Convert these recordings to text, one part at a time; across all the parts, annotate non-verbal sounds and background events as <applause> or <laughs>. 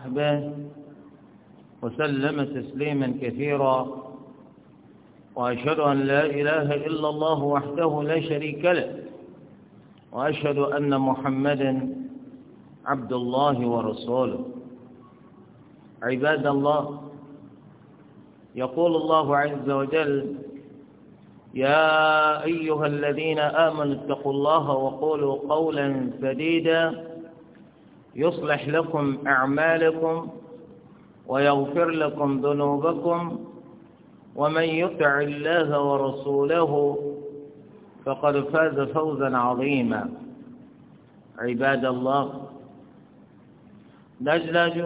وصحبه وسلم تسليما كثيرا وأشهد أن لا إله إلا الله وحده لا شريك له وأشهد أن محمدا عبد الله ورسوله عباد الله يقول الله عز وجل يا أيها الذين آمنوا اتقوا الله وقولوا قولا سديدا يصلح لكم أعمالكم ويغفر لكم ذنوبكم ومن يطع الله ورسوله فقد فاز فوزا عظيما عباد الله دجلج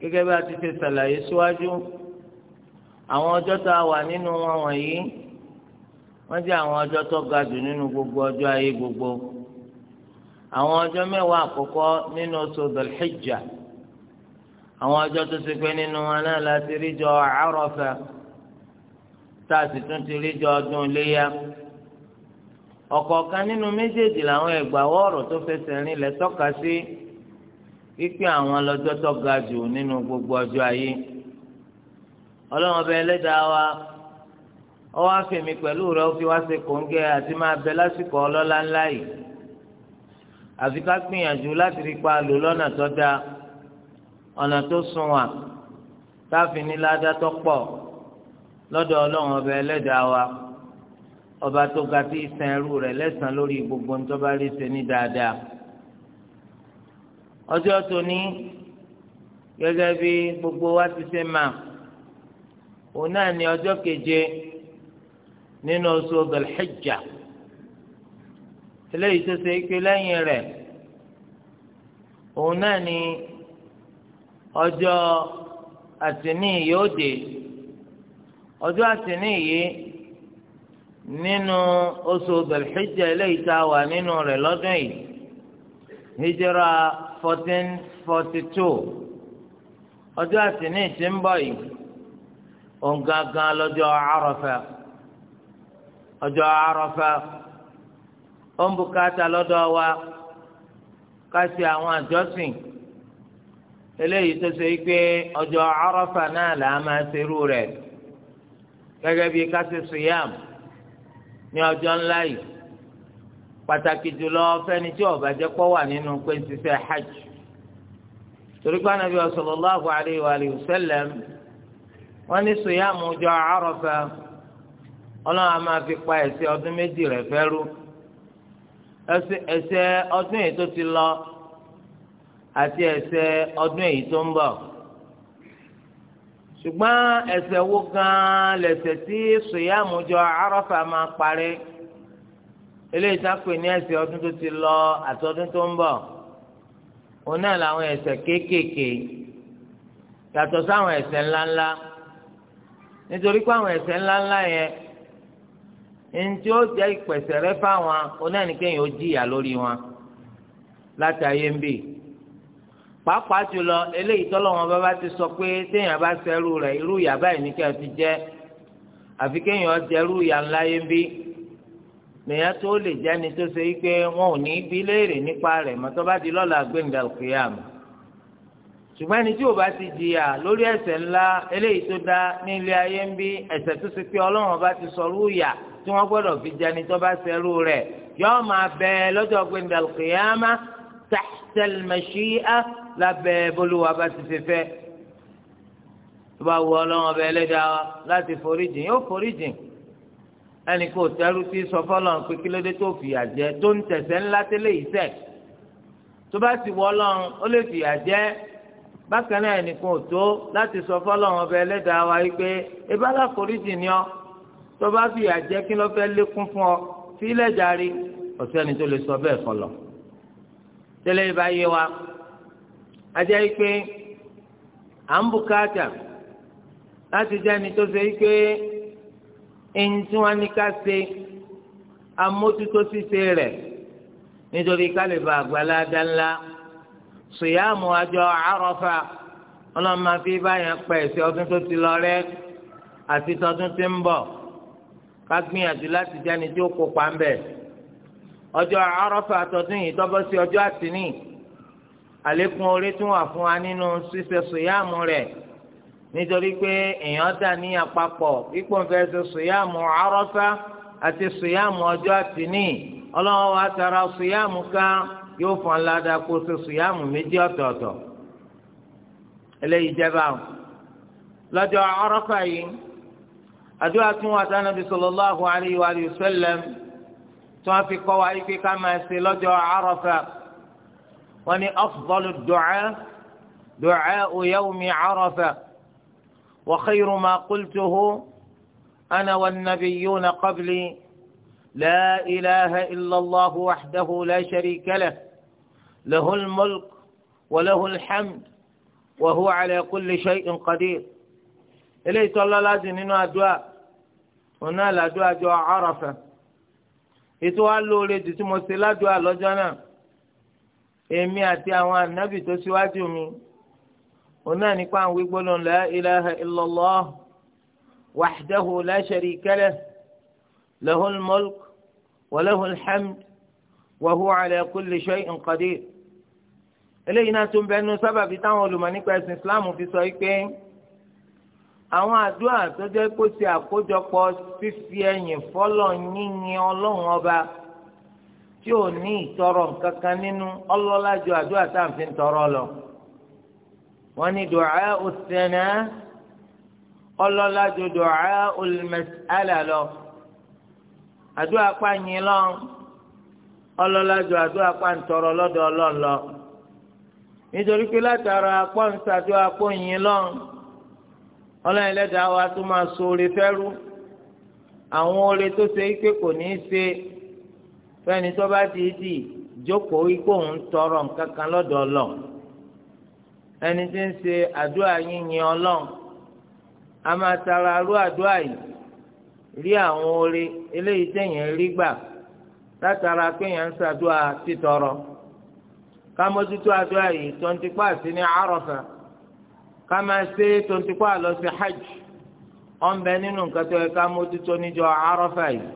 كجبات تسلا يسواج أوجت أوانين وموين وجاء أوجت أوجت أوجت أوجت àwọn ọjọ́ mẹ́wàá àkọ́kọ́ nínú oṣù dọ̀lẹ́jà àwọn ọjọ́ tó ṣe pé nínú wọn náà láti ríjọ àárọ̀fẹ́ tá a sì tún ti ríjọ ọdún iléyà ọ̀kọ̀ọ̀kan nínú méjèèjì làwọn ẹ̀gbàwọ́ ọ̀rọ̀ tó fẹsẹ̀ rìn lẹ̀ tọ́ka sí pípín àwọn lọ́jọ́ tó ga jù nínú gbogbo ọjọ́ ayé ọlọ́run ọba ẹlẹ́dàá wa ọwọ́ àfẹ̀mí pẹ̀lú rẹ̀ ó fi wá ṣe kòńgẹ́ àti máa bẹ lásìkò ọlọ́lá ńlá yìí àfi ká gbìyànjú láti rí pa lò lọ́nà tó dáa ọ̀nà tó sunwọ̀n táàfin ní ládàá tó pọ̀ lọ́dọ̀ ọlọ́run ọba ẹlẹ́dàá wa ọba tó ga tí ìsàn ẹrú rẹ̀ lẹ́sàn lórí gbogbo nítorí bá rí ṣe ní dáadáa ọjọ́ tóní gẹ́gẹ́ bí gbogbo wa ti ṣe máa òun náà ní ọjọ́ keje nínú oṣù Dhul eléyìí tó ṣe pé lẹ́yìn rẹ̀ òun náà ni ọjọ́ àtìní yóò dé ọjọ́ àtìní yìí nínú oṣù belhijja eléyìí tá a wà nínú rẹ̀ lọ́dún yìí hijira fourteen forty two ọjọ́ àtìní tí ń bọ̀ yìí òun gangan lọ́jọ́ àrafà ọjọ́ àrafà. ó ń bukata lọ́dọ̀ wa ká ṣe àwọn àjọsìn eléyìí tó ṣe pé ọjọ́ Àrafà náà là á máa ṣerú rẹ̀ gẹ́gẹ́ bí ká ṣe siyam ní ọjọ́ ńlá yìí pàtàkì jùlọ fẹ́ni tí ó jẹ́ pọ̀ wà nínú pé ń ṣiṣẹ́ hajj torí pé Ànábì sallallahu alayhi wa wọ́n ní ọjọ́ Ọlọ́run máa fi pa ẹ̀ṣẹ̀ ọdún méjì rẹ̀ fẹ́rú. ẹsẹ ọdún èyí tó ti lọ àti ẹsẹ ọdún èyí tó ń bọ̀ ṣùgbọ́n ẹsẹ wo gan lẹsẹ tí sòyàmùjọ arọfà máa parí eléyìí sápè ní ẹsẹ ọdún tó ti lọ àti ọdún tó ń bọ̀ òun náà làwọn ẹsẹ kéékèèké yàtọ̀ sáwọn ẹsẹ ńláńlá nítorí pé àwọn ẹsẹ ńláńlá yẹn ntí ó jẹ́ ìpèsè rẹ fáwọn onáníkẹyìn ó jìyà lórí wọn láti ayé ń bì pàápàá jùlọ eléyìí tọ́lọ́wọ́n bá bá ti sọ pé téèyàn bá sẹ́rù rẹ̀ irú ìyà báyìí ní kẹ́ ẹ ti jẹ́ àfi kéèyàn ó jẹ́ irú ìyà ńlá yé ń bì lèyàn tó lè jẹ́ni tó ṣe wípé wọn ò ní bí léèrè nípa rẹ̀ mọ́tọ́ bá di lọ́la gbẹ̀ngà òkèèyàn ṣùgbọ́n ẹni tí ò bá ti jìyà lórí ẹ̀ṣẹ̀ ńlá eléyìí tó dá ní ilé ayé ń bí ẹ̀ṣẹ̀ tó ṣe pé ọlọ́run bá ti sọ rú ìyà tí wọ́n gbọ́dọ̀ fi jẹni tó bá ṣerú rẹ̀ yóò máa bẹ lọ́jọ́ gbẹ̀ndàl kìyàmá tahtal mashi'a lábẹ́ bolúwa bá ti fi fẹ́ tó bá wù ọlọ́wọ́n ọbẹ̀ ẹlẹ́dàá láti foríjìn yóò foríjìn ẹnì kò tẹ́rù tí sọ fọlọ́n pé kí ló dé tó fìyà jẹ tó ń tẹ̀sẹ̀ ńlá tẹ́lẹ̀ yìí sẹ̀ tó bá sì wọ́ ọlọ́run ó lè fìyà jẹ bákan náà ẹnì kò tó láti sọ fọlọ́n ọbẹ̀ ẹlẹ́dàá wa yìí pé ebálà foríjìn ni ọ́ tó bá fìyà jẹ kí ló fẹ́ lékún fún ọ sílẹ̀ jàre ọ̀sẹ́ni tó lè sọ bẹ́ẹ̀ fọlọ́ tẹ́lẹ̀ ìbá yé wa ajá yìí pé à ń bùkátà láti jẹ́ ẹni tó ṣe yìí pé ẹni tí wọ́n ní ká ṣe amójútó ṣíṣe rẹ̀ nítorí kálífà àgbàládá ńlá sùyàmù àjọ àròfà ọlọ́mọ fi báyẹn pẹ̀ sí ọdún tó ti lọ rẹ́ àti tọdún tí ń bọ̀. ká gbìyànjú láti jáni tí ó kópa ń atọ ọjọ́ Àrafà yìí ati sí ọjọ́ àtìní àlékún orí tún wà fún wa nínú ṣíṣe sòyáàmù rẹ nítorí pé èèyàn dà ní àpapọ̀ ipò ń fẹ́ ṣe sòyáàmù Àrafà àti sòyáàmù ọjọ́ àtìní ọlọ́wọ́ wa tara kan yóò ládàá kó ṣe àdúrà tún wà sí anabi sallallahu alayhi wa sallam tí wọn fi kọ́ wa ike ká máa ṣe lọ́jọ́ Arafa wọn ni afdalu o du'a mi Arafa wa khayru ma qultuhu ana wa nabi yuna qabli la ilaha illallah allah wahdahu la sharika lah lahu al-mulk wa lahu al-hamd wa huwa ala kulli shay'in qadir eléyìí tọ́lá dì nínú àdúrà. òun náà làdúrà jọ Àrafà ètò wa lóore jù tí mo ṣe ládùúgbò lọ́jọ́ náà èmi àti àwọn ànábì tó ṣíwájú mi òun náà nípa àwọn gbígbóná la ilaha illallah wahdahu la sharika lah lahul mulk wa lahul hamd wa kulli shay'in qadir eléyìí náà tún bẹnu sábàbí táwọn olùmọ̀ nípa islam fi sọ pé àwọn àdúrà tó jẹ́ kó ṣe àkójọpọ̀ fífi ẹ̀yìn fọ́lọ̀ yíyin ọlọ́run ọba tí ò ní ìtọrọ kankan nínú ọlọ́lá ju àdúrà tá à ń fi tọrọ lọ. wọ́n ní dùá òsèlè ọlọ́lá ju dùá olùmẹ̀sálà lọ. àdúrà pa yín lọ ọlọ́lá ju àdúrà pa ń tọrọ lọ́dọ̀ ọlọ́run lọ. nítorí pé látara pọ́ńsà àdúrà pọ́yìn lọ́run ọlọ́run ẹlẹ́dàá wa tún máa so oore fẹ́rú àwọn oore tó ṣe pé kò ní í ṣe fẹ́ni tó bá ti dì jókòó ikú òun tọrọ nǹkan kan lọ́dọ̀ ọlọ́run ẹni tí ń ṣe àdúrà yíyin ọlọ́run a máa tara arú àdúrà yìí rí àwọn oore eléyìí téèyàn rí gbà látara pé èèyàn ń ṣàdúrà títọrọ ká mójútó àdúrà yìí tó ń tipa sí ní àròfà. Kama máa ṣe tontikọ́ àlọ́ sí hajj ọ̀n bẹ nínú nǹkan tó yẹ ká mójútó níjọ Àrafà yìí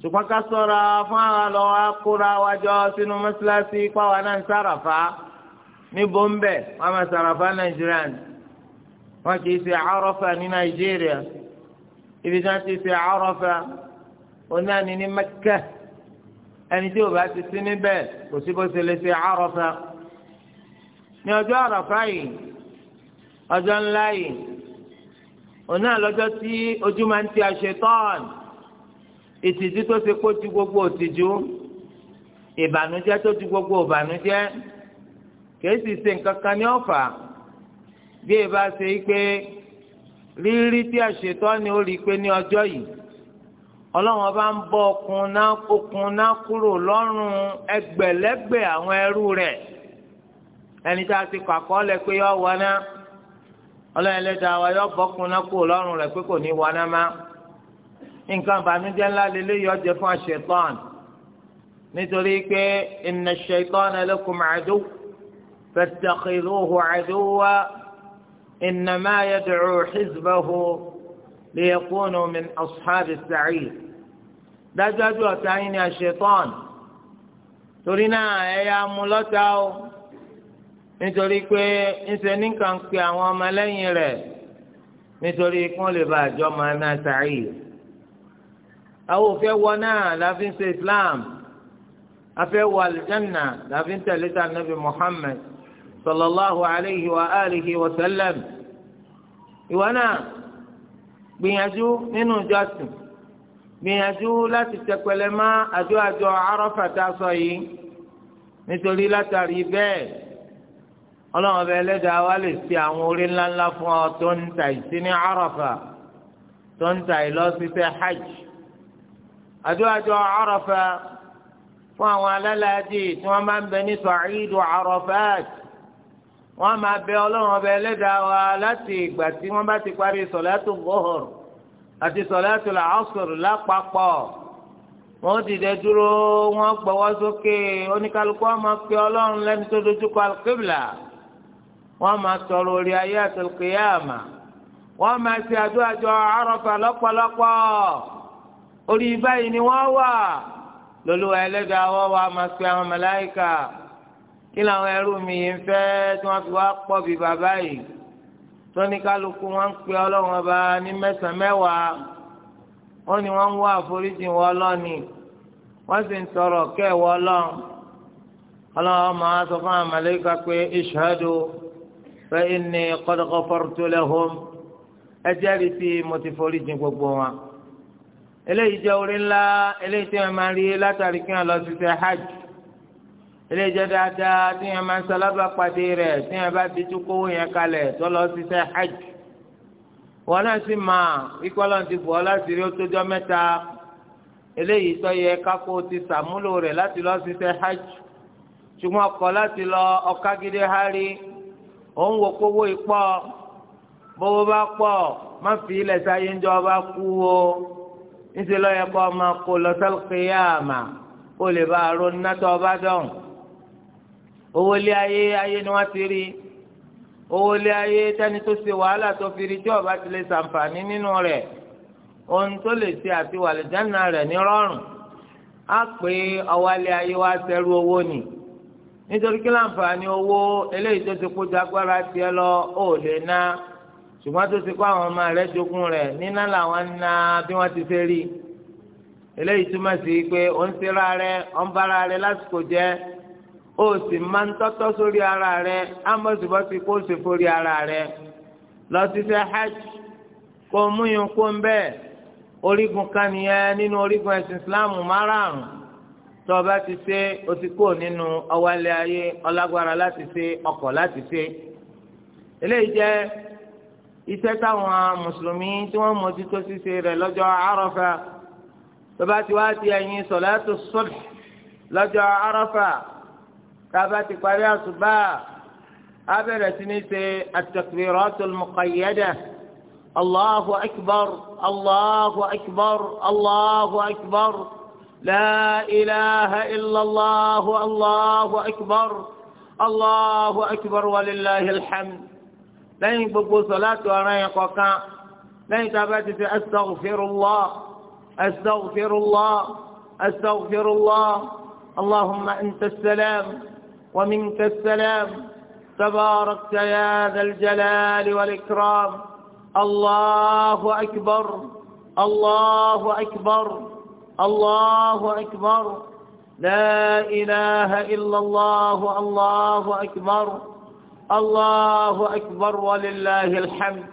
ṣùgbọ́n ká sọ̀rọ̀ fún àwọn àlọ́ akóra wájọ sínú mọ́ṣáláṣí pàwọn náà ń sàràfà ní bọ́m̀bẹ̀ wọ́n máa sàràfà nàìjíríà wọ́n kì í ṣe Àrafà ní nàìjíríà ibi tí wọ́n ti ṣe Àrafà onáni ní Mẹ́kà ẹni tí o bá ti sí kò sí bó ṣe lè ṣe Àrafà ní ọjọ́ Àrafà ọjọ́ ńlá yìí òun náà lọ́jọ́ tí ojú máa ń ti àṣetán ìtìjú tó ṣe kó ju gbogbo òtìjú ìbànújẹ́ tó ju gbogbo ìbànújẹ́ kìí ṣe nǹkan kan ní ọ̀fà bí ẹ bá ṣe pé rírí tí àṣetán ni ó rí i pé ní ọjọ́ yìí ọlọ́run bá ń bọ́ okùn náà okùn náà kúrò lọ́rùn ẹgbẹ̀lẹ́gbẹ̀ àwọn ẹrú rẹ̀ ẹni tá a ti kọ́ àkọọ́lẹ̀ pé yọ wọ náà ọlọ́run ẹlẹ́dàá wa yọ bọ́kùn náà kú lọ́rùn rẹ̀ pé kò ní wọná má nǹkan ìbànújẹ́ ńlá lélẹ́ yọ jẹ fún aṣetán nítorí pé inna ash-shaytana lakum aduw fattakhidhuhu aduwwa innama yad'u hizbahu liyakunu min ashabi as-sa'ir dájúdájú ọ̀tá yín ni aṣetán torí náà ẹ̀yà amúlọ́ta o. nítorí pé ńṣe nìkan pe àwọn ọmọlẹ́yìn rẹ̀ nítorí kí lè bá àjọ máa ná sàárì. àwọn òfẹ́ wọ náà láfi ń ṣe Islam afẹ́ wọ láfi ń tẹ̀lé ta nàbì sallallahu alayhi wa alihi wa sallam. ìwọ náà gbìyànjú nínú ìjọsìn gbìyànjú láti tẹpẹlẹ mọ́ àjọ àjọ Àrafà tá a sọ yìí nítorí látàrí ọlọ́run ọba ẹlẹ́dàá wa lè ṣe àwọn orí ńláńlá fún ọ tó ń ta ìsíní Àràfà tó ń ta ìlọsíṣẹ́ hajj àdúràjọ Àràfà fún àwọn alálàájì tí wọ́n máa ń bẹ ní sàìdù Àràfàt wọ́n máa bẹ ọlọ́run ọba ẹlẹ́dàá wa láti ìgbà tí wọ́n bá ti parí sọ̀látù gbọ́hùr àti sọ̀látù làásùr lápapọ̀ wọ́n dìde dúró wọ́n gbọ́wọ́ sókè oníkálukú ọmọ pé ọlọ́run lẹ́ni tó dojú kọ alùkébìlà wọ́n máa sọ̀rọ̀ orí ayé àtẹlùkìyàmà wọ́n máa ṣe àdúràjọ àròfà lọ́pọ̀lọpọ̀ orí báyìí ni wọ́n wà lọ́lọ́wà ẹlẹ́dàá wọ́n wà máa pe àwọn màláíkà kí làwọn ẹrú mi yìí ń fẹ́ tí wọ́n fi wá pọ̀ bí bàbá yìí tóníkálukú wọn ń pe ọlọ́run ọba ní mẹ́sàn-án mẹ́wàá wọ́n ní wọ́n ń wá àforíjì wọn lọ́ni wọ́n sì ń tọrọ kẹ́ẹ̀wọ́ ọlọ́run ọlọ́run máa sọ fún àwọn màláíkà pé ìṣáájú fa inni qad ghafartu lahum ẹ jẹ́rìí sí mo ti forí jìn gbogbo wọn eléyìí jẹ́ orí ńlá eléyìí tí wọ́n máa ń rí látàrí kí wọ́n lọ sí ṣe hajj eléyìí jẹ́ dáadáa tí wọ́n máa ń sálábà pàdé rẹ̀ tí wọ́n bá ti tún kówó yẹn kalẹ̀ tó lọ sí ṣe hajj wọn náà sì máa ikú ọlọ́run ti bọ̀ láti rí ó mẹ́ta eléyìí tó yẹ kákó ti sàmúlò rẹ̀ láti lọ sí ṣe hajj ṣùgbọ́n ọkọ̀ láti lọ ọ̀ká hárí ó ń wo kówó ipọ bówó bá pọ̀ má fi ilẹ̀ sáyé ńjọ bá kú o níṣẹ́ lọ́yẹ kọ́ ọmọ kó lọ sálùkìyàmà kó lè bá a ronú nátọ̀ ọba dán owó lé ayé ayé ni wọ́n ti rí owó lé ayé tẹ́ni tó ṣe wàhálà tó fi rí tí ọba ti lè ṣàǹfààní nínú rẹ̀ ohun tó lè ṣe àti wàlẹ̀ jánà rẹ̀ ní rọrùn á pé ọwálé ayé wa ṣẹ́rú owó nìí nítorí kí láǹfààní owó eléyìí tó ti kó jagbára tiẹ̀ lọ ó lè ná ṣùgbọ́n tó ti kó àwọn ọmọ rẹ̀ jogún rẹ̀ níná làwọn ń ná bí wọ́n ti fẹ́ rí eléyìí túmọ̀ sí pé ó ń ṣera rẹ̀ ó ń bára rẹ̀ lásìkò jẹ́ ó sì máa ń tọ́tọ́ sórí ara rẹ̀ ámọ̀sibọ́sí kó o sì forí ara rẹ̀ lọ sí ṣe hajj kó o múyàn kó ń bẹ́ẹ̀ orígun kan nìyẹn nínú orígun ẹ̀sìn Islam márààrún tó o bá ti ṣe o ti kó nínú ọwálé ayé ọlágbára láti ṣe ọkọ̀ láti ṣe eléyìí jẹ́ iṣẹ́ táwọn mùsùlùmí tí wọ́n mójútó ṣíṣe rẹ̀ lọ́jọ́ àrọ́fà tó bá ti wá di ẹ̀yìn sọ̀láàtù sọ̀dù lọ́jọ́ àrọ́fà tá ti parí àṣùbà á sí ní ṣe at-takbiratul muqayyada Allahu akbar Allahu akbar Allahu akbar. Allahu لا إله إلا الله الله أكبر الله أكبر ولله الحمد لين بقول صلاة وراي قوكا لين في أستغفر الله أستغفر الله أستغفر الله اللهم أنت السلام ومنك السلام تباركت يا ذا الجلال والإكرام الله أكبر الله أكبر الله أكبر لا إله إلا الله الله أكبر الله أكبر ولله الحمد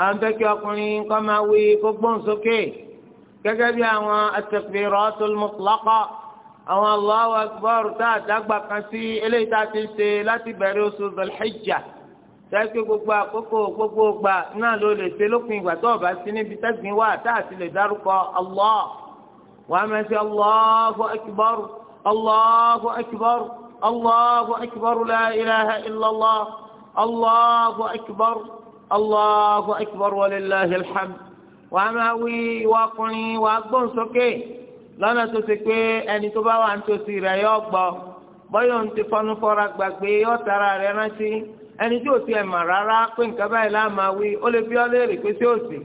أنت كأقولين كما ويكبون سكي كجبي التكبيرات المطلقة أو الله أكبر تاتبع كسي إلي تاتي لا تبرس الحجة tẹ́sí gbogbo àkókò gbogbo gbà náà ló lè ṣe lópin ìgbà tó o bá وأمسي الله أكبر الله أكبر الله أكبر لا إله إلا الله الله أكبر الله أكبر ولله الحمد وأماوي وأقني وأقبل سكي lọ́nà tó ṣe pé ẹni tó bá wà nítòsí rẹ̀ yọ gbọ́ bọ́yọ̀ ń ti fọnú fọ́ra gbàgbé yọ tara rẹ̀ rántí ẹni tí ò ti ẹ̀ mà rárá pé nǹkan báyìí láà máa wí ó lè bí ọ́ léèrè pé sí òsì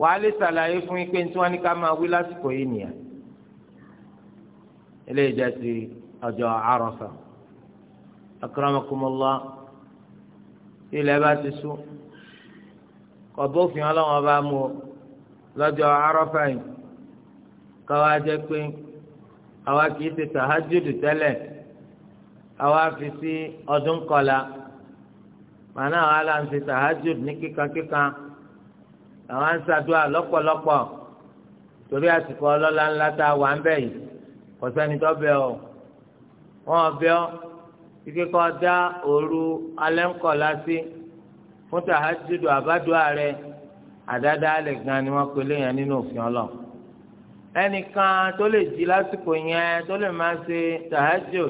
wàá lè ṣàlàyé fún yín pé tí wọ́n ní ká máa wí lásìkò yìí nìyẹn. eléyìí jẹ́ ti ọjọ́ àròsà akramakumullah ile bá ti sùn kọ̀bófin ọlọ́wọ́n bá mú o lọ́jọ́ àròsà yìí káwá jẹ́ pé àwa awa fi sí ní kíkankíkan àwa ń ṣàdúrà lọ́pọ̀lọpọ̀ torí àsìkò ọlọ́lá ńlá tá a wà ń kọsẹni tó bẹ ọ wọn bẹ ọ ike kọ da òru alẹ́ ńkọ lásì fún tàhájúdù àbádùá rẹ àdáda alẹ́ gan ni wọ́n pèlè yẹn nínú òfin ọlọ ẹnìkan tó lè jí lásìkò yẹn tó lè máa ṣe tàhájúdù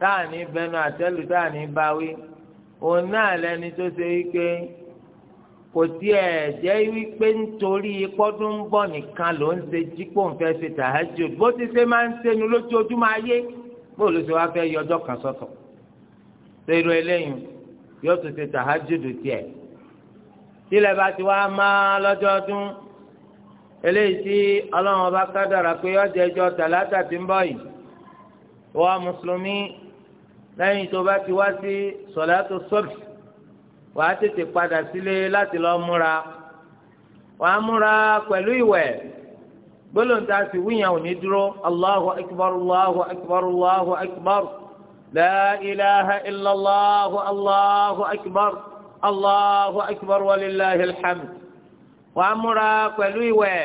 táà ní bẹnu àtẹlù táà ní báwí òun náà lẹni tó ṣe wípé kò tiẹ̀ jẹ́ wípé nítorí pọ́dún ń bọ̀ nìkan ló ń ṣe jípò ń fẹ́ ṣe tàájú bó ti ṣe máa ń ṣẹnu lójoojúmọ́ ayé bó ló ṣe wá fẹ́ yọ ọjọ́ kan sọ́tọ̀ ṣèrò eléyìí yóò tún ṣe tàájú dùn tiẹ̀ tílẹ̀ bá ti wá máa lọ́jọ́ọdún eléyìí tí ọlọ́run ọba kádàrà pé ọjà ẹjọ́ tàlátà ti ń bọ̀ yìí wọ́n mùsùlùmí lẹ́yìn tó bá ti wá sí sọ̀látò sọ́bì wàá tètè padà sílé láti lọ múra wàá múra pẹ̀lú ìwẹ̀ gbólóńtà sì wíyàn ò ní dúró allahu akbar allahu akbar allahu akbar la ilaha illallah allahu akbar allahu akbar walillahi alhamd wàá múra pẹ̀lú ìwẹ̀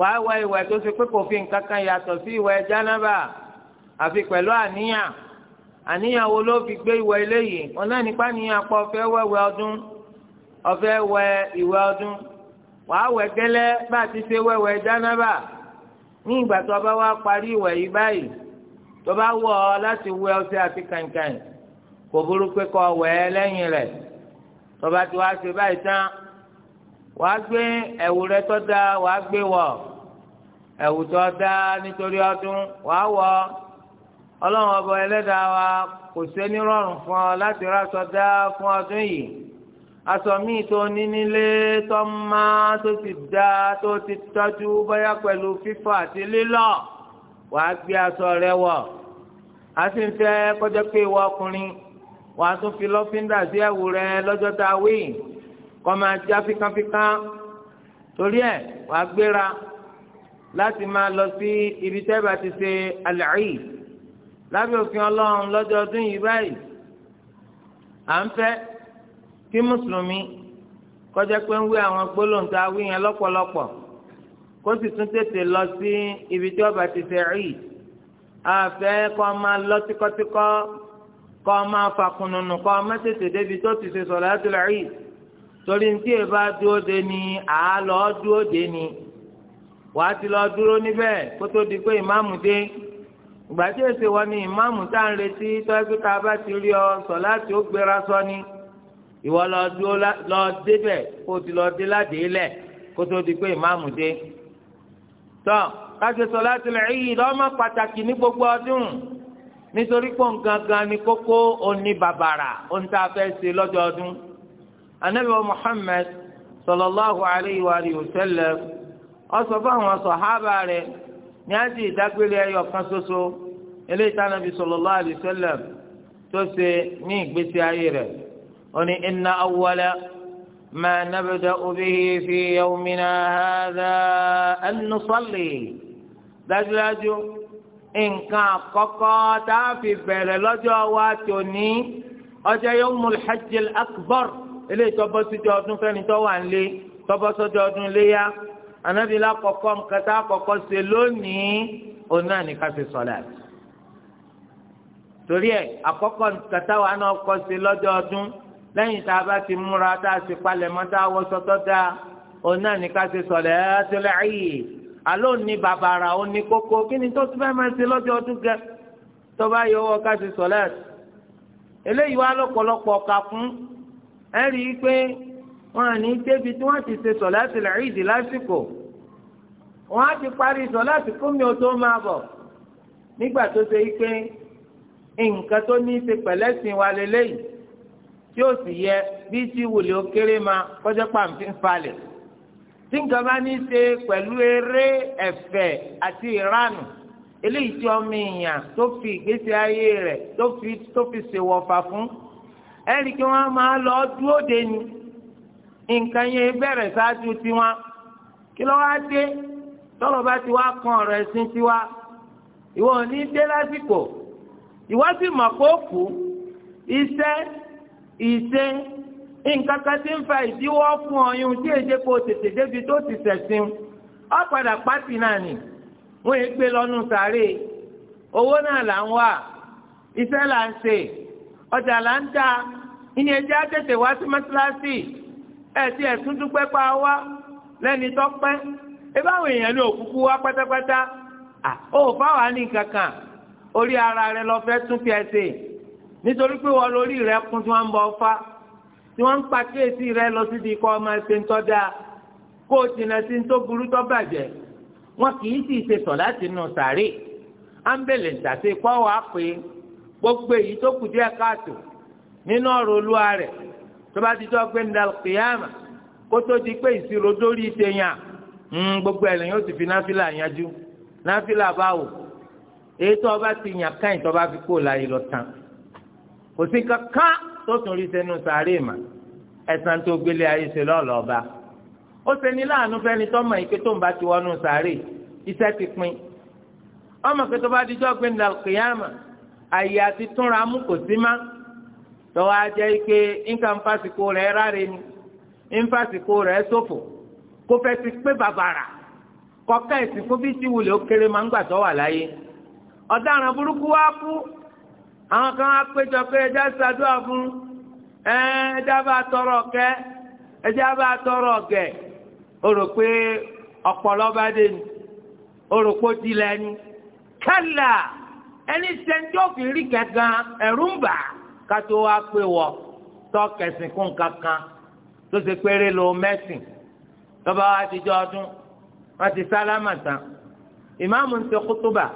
wàá wẹ̀ ìwẹ̀ tó ṣe pé fi nǹkan kan yàtọ̀ sí ìwẹ̀ jánábà àfi pẹ̀lú àníyàn àníyàn wo ló fi gbé ìwẹ̀ eléyìí wọn náà nípa níyàn pọ̀ ọ̀fẹ́ wẹ̀wẹ̀ ọdún ọ̀fẹ́ wẹ ìwẹ̀ ọdún wàá wẹ̀ gẹ́lẹ́ bá a ti ṣe wẹ̀wẹ̀ jánábà ní ìgbà tó bá wá parí ìwẹ̀ yìí báyìí tó bá wọ̀ ọ́ láti wẹ ọṣẹ àti kànkàn kò burú pé kó wẹ̀ ẹ́ lẹ́yìn rẹ̀ tó bá ti wá ṣe báyìí tán wàá gbé ẹ̀wù rẹ̀ tó dáa wàá gbé wọ̀ ẹ̀wù tó dáa nítorí ọdún wàá wọ̀ ọ́ ọlọ́run ọba ẹlẹ́dàá wa kò sẹ́ni rọrùn fún ọ láti ra aṣọ dá fún ọdún yìí aṣọ míì tó ní nílé tó má tó ti dá tó ti tọ́jú bóyá pẹ̀lú fífọ̀ àti lílọ̀ wàá gbé aṣọ rẹ wọ̀ a sì ń fẹ́ kọjá pé ìwọ ọkùnrin wàá tún fi lọ́fíńdà sí ẹ̀wù rẹ lọ́jọ́ tá a wí kọ́ máa já fíkánfíkán torí ẹ̀ wàá gbéra láti máa lọ sí ibi tẹ́ bá ti ṣe àlàyé lábẹ́ òfin ọlọ́run lọ́jọ́ ọdún yìí báyìí à ń fẹ́ kí mùsùlùmí kọjá pé ń wí àwọn gbólóhùn tá a wí yẹn lọ́pọ̀lọpọ̀ kó sì tún tètè lọ sí ibi tí ọba ti fẹ́ rí àfẹ́ kọ́ máa lọ tíkọ́tíkọ́ kọ́ máa fàkùnùnù kọ́ máa tètè débi tó ti ṣe sọ̀látul Eid torí ní tí ẹ bá dúró de ni àá lọ dúró de ni wàá ti lọ dúró níbẹ̀ kó tó di pé ìmáàmù dé. ìgbà èsè wọn ni ìmáàmù tá à ń retí tọ́jú tá ti rí ọ ó gbéra sọ ni ìwọ lọ débẹ̀ kó o ti lọ dé lẹ̀ kó tó di pé ìmáàmù dé. tọ́ sọ pàtàkì ní gbogbo ọdún nítorí pọ̀ gangan ni kókó bàbàrà tá a fẹ́ ṣe alayhi sọ fún àwọn ní àti ìdágbélé ẹyọ kan ṣoṣo eléyìí tí Ànábì sallallahu alaihi wasallam tó ṣe ní ìgbésí ayé rẹ̀ ó ní inna awwala ma nabda'u bihi fi yawmina hadha an nusalli dájúdájú nǹkan àkọ́kọ́ tá a fi bẹ̀rẹ̀ lọ́jọ́ wa tòní ọjọ́ yawmul hajjil akbar eléyìí tó bọ́ sójú ọdún fẹ́ni tó wà ń lé tó bọ́ sójú ọdún léyà anabi la kọ́kọ́ nǹkan tá a kọ́kọ́ ṣe lónìí òun náà ní ká ṣe sọ̀láàtì torí ẹ̀ àkọ́kọ́ nǹkan táwa náà kọ́ ṣe lọ́jọ́ ọdún lẹ́yìn tá a bá ti múra tá a ṣe palẹ̀mọ́ tá a wọṣọ tó dáa òun náà ní ká ṣe sọ̀láàtul Eid àló ní bàbàrà ó ní kókó tó tún fẹ́ máa ṣe lọ́jọ́ ọdún tó bá yọ ọwọ́ ká ṣe sọ̀láàtì eléyìí wá lọ́pọ̀lọpọ̀ kà fún ẹ rí pé wọn à ní débi tí wọ́n ti ṣe sọ̀láṣì làrídì lásìkò wọ́n á ti parí sọ̀láṣì kómi o tó máa bọ̀ nígbà tó ṣe pé nǹkan tó ní í ṣe pẹ̀lẹ́sìn wa lélẹ́yìí tí ó sì yẹ bí tí wòlé ó kéré ma kọjá pàǹfì ń falẹ̀ tí nǹkan bá ní í ṣe pẹ̀lú eré ẹ̀fẹ̀ àti ìranù eléyìí tí ọmọ èèyàn tó fi ìgbésí ayé rẹ̀ tó fi ṣèwọ̀fà fún ẹ̀rí kí wọ́n máa lọ dúró de ni nǹkan yẹn bẹ̀rẹ̀ ṣáájú tiwọn kí ló wá dé tọ́lọ̀ bá ti wá kan ọ̀rọ̀ ẹ̀sìn tiwa ìwọ ò ní dé lásìkò ìwọ sì mọ̀ kó kú iṣẹ́ ìṣe nǹkan kan ti ń fa ìdíwọ́ fún ọyún tí èjé kò tètè débi tó ti ṣẹ̀sìn ọ padà pàtì náà nì wọ́n yẹn gbé lọ́nu sàárè owó náà là ń wà iṣẹ́ là ń ṣe ọjà là ń ta ìyẹn jẹ́ àtẹ̀tẹ̀ wá sí mọ́ṣáláṣí ẹtí ẹtún dúpẹ́ pa wá lẹ́ni tọ́pẹ́ ebí àwọn èèyàn ní òkúkú wá pátápátá ó fáwọn àní kankan orí ara rẹ lọ fẹ́ tún fi ẹsẹ̀ nítorí pé wọn lórí rẹ kún tí wọ́n ń bọ fa tí wọ́n ń pa kéèsì rẹ lọ sí di kọ́ ọmọ ẹsẹ̀ ńtọ́ dáa kó o tìǹà sí tó burú tó bàjẹ́ wọn kì í sì ṣe sọ̀ láti nù sàárè ámbẹ̀lẹ̀ ntàṣe pọ́wọ́ àpè gbogbo èyí tó kù díẹ̀ káàtó nínú ọ̀rọ̀ olúwa rẹ̀ tó bá ti jọ́ pé ń dal kìyàmà kó tó di pé ìṣirò dórí ìtẹ̀yàn hmm, gbogbo ẹ̀lẹ́yìn ó ti fi náfìlà yanjú náfìlà báwò èyí tó bá ti yàn káyìn tó bá fi kó láyé lọ tán kò sí kankan tó tún rí sẹ́nu sàárè mà ẹ̀sán tó gbélé ayé ṣe lọ́ọ̀lọ́ba ó ṣe ní láàánú fẹ́ni tó mọ̀ ike tó ń bá ti wọnú sàárè iṣẹ́ ti pin ọmọ pé tó bá dijọ́ gbé ní alùkìyàmà àyè àti túnra mú kò sí má lọ́wọ́ ajẹ́ ike nǹkan fásikò rẹ̀ ráre ni nfásikò rẹ̀ ṣòfò kó fẹ́ ti pé bàbàrà kọ́ka ẹ̀sìn fún bí tí wulẹ̀ ó kéré máa ń gbà tó wà ọ̀daràn burúkú wá kú àwọn kan á péjọ pé ẹjẹ́ ṣàdúrà fún ẹjẹ́ á bá tọrọ ọ̀kẹ́ ẹjẹ́ á bá tọrọ ọ̀gẹ̀ o rò pé ọ̀pọ̀lọ́ dé ni o rò pé ó di lẹ́ni kálá ẹni sẹ́ńtì òfin rí kẹ̀kan ẹ̀rú ń kátó wá pé wọ tọkẹsìn kún kankan tó ṣe péré lo mẹsìn lọba wa ti jọ ọdún wọn ti sálámà tán ìmáàmù ń ṣe kútúbà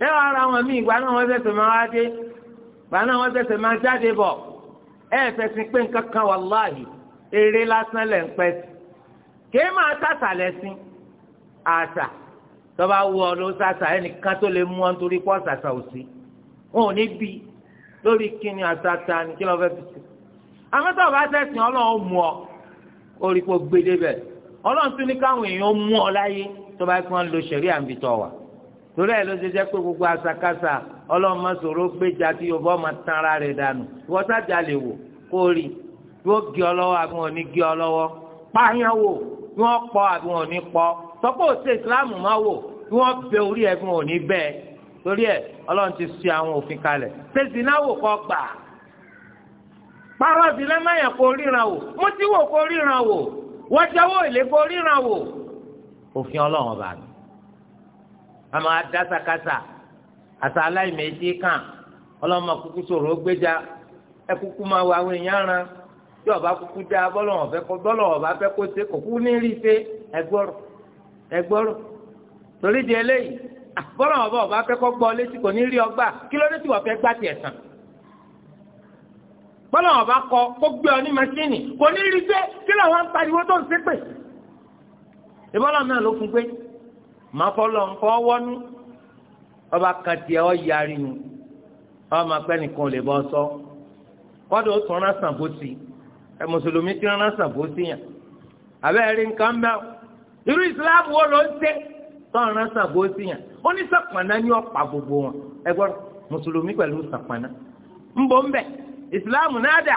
ẹ wàá ra wọn míì ìgbà náà wọn ṣẹ̀ṣẹ̀ máa wá dé ìgbà náà wọn ṣẹ̀ṣẹ̀ máa jáde bọ̀ ẹ fẹsìn pé nǹkan kan wàláhì eré lásán lẹ ń pẹ sí kéé máa tàṣà lẹsìn àṣà tọba wọ ọ ló ṣàṣà ẹnìkan tó lè mú ọ nítorí pọ ṣàṣà òsì wọn ò ní bí i lórí kíni àtàtà ni kí ló fẹ́ fi amẹ́tọ̀ bá tẹ̀sìn ọlọ́run mú ọ orí kò gbèdé bẹ̀ ọlọ́run tún ní káwọn èèyàn mú ọ láyé tó bá kí wọ́n lo sẹ̀rí àǹbìtọ̀ wà torí ẹ̀ ló ṣe jẹ́ pé gbogbo àṣàkáṣà ọlọ́run máa sọ̀rọ̀ gbéjà tí yorùbá ọmọ tán ara rẹ̀ dànù wọ́n sájà lè wò kó rí yóò gé ọ lọ́wọ́ àbí wọn ò ní gé ọ lọ́wọ́ pààyàn wò bí wọ́n pọ̀ torí ẹ Ọlọ́run ti ṣe àwọn òfin kalẹ̀ tẹsí náà wò kọ gbà parọ sílẹ̀ mẹyàn kò ríran wò mo ti wò kò ríran wò wọ́n jẹ́wọ́ èlé kò ríran wò òfin Ọlọ́run ọba mi àmọ́ adásakásá àti aláìmẹjì kàn Ọlọ́run máa kúkú sọ̀rọ̀ ó gbéjà ẹ kúkú máa wọ àwọn èèyàn ran tí ọba kúkú dá bọlọrun ọfẹ kọ bọlọrun ọba fẹ kó ṣe kò kú ní rí ṣe ẹgbọrọ ẹgbọrọ torí di eléyìí bọ́lá wọn bá ọba akẹ́kọ̀ọ́ gbọ́ létí kò ní rí ọgbà kí ló dé tí wọ́n fẹ́ gbà tiẹ̀ sàn. bọ́lá wọn bá kọ kó gbé ọ ní masíìnì kò ní rí gbé kí làwọn ń pariwo tó ń ṣépè. ìbọ́lá náà ló fún gbé màá fọlọ́ nǹkan wọ́nú ọba kan tiẹ̀ ọ yarí nu ọmọ akpẹ́ nìkan lè bọ́ sọ kọ́dọ̀ ó tún rán sàn mùsùlùmí ti rán sàn yàn àbẹ́ẹ̀rí nǹkan mẹ́wọ́ tọ́ran sàgbó sí yàn ó ní sàpàná ní ọ̀pá gbogbo wọn ẹgbọ́n mùsùlùmí pẹ̀lú sàpàná ń bọ̀ ń bẹ̀ ìsìláàmù náà dà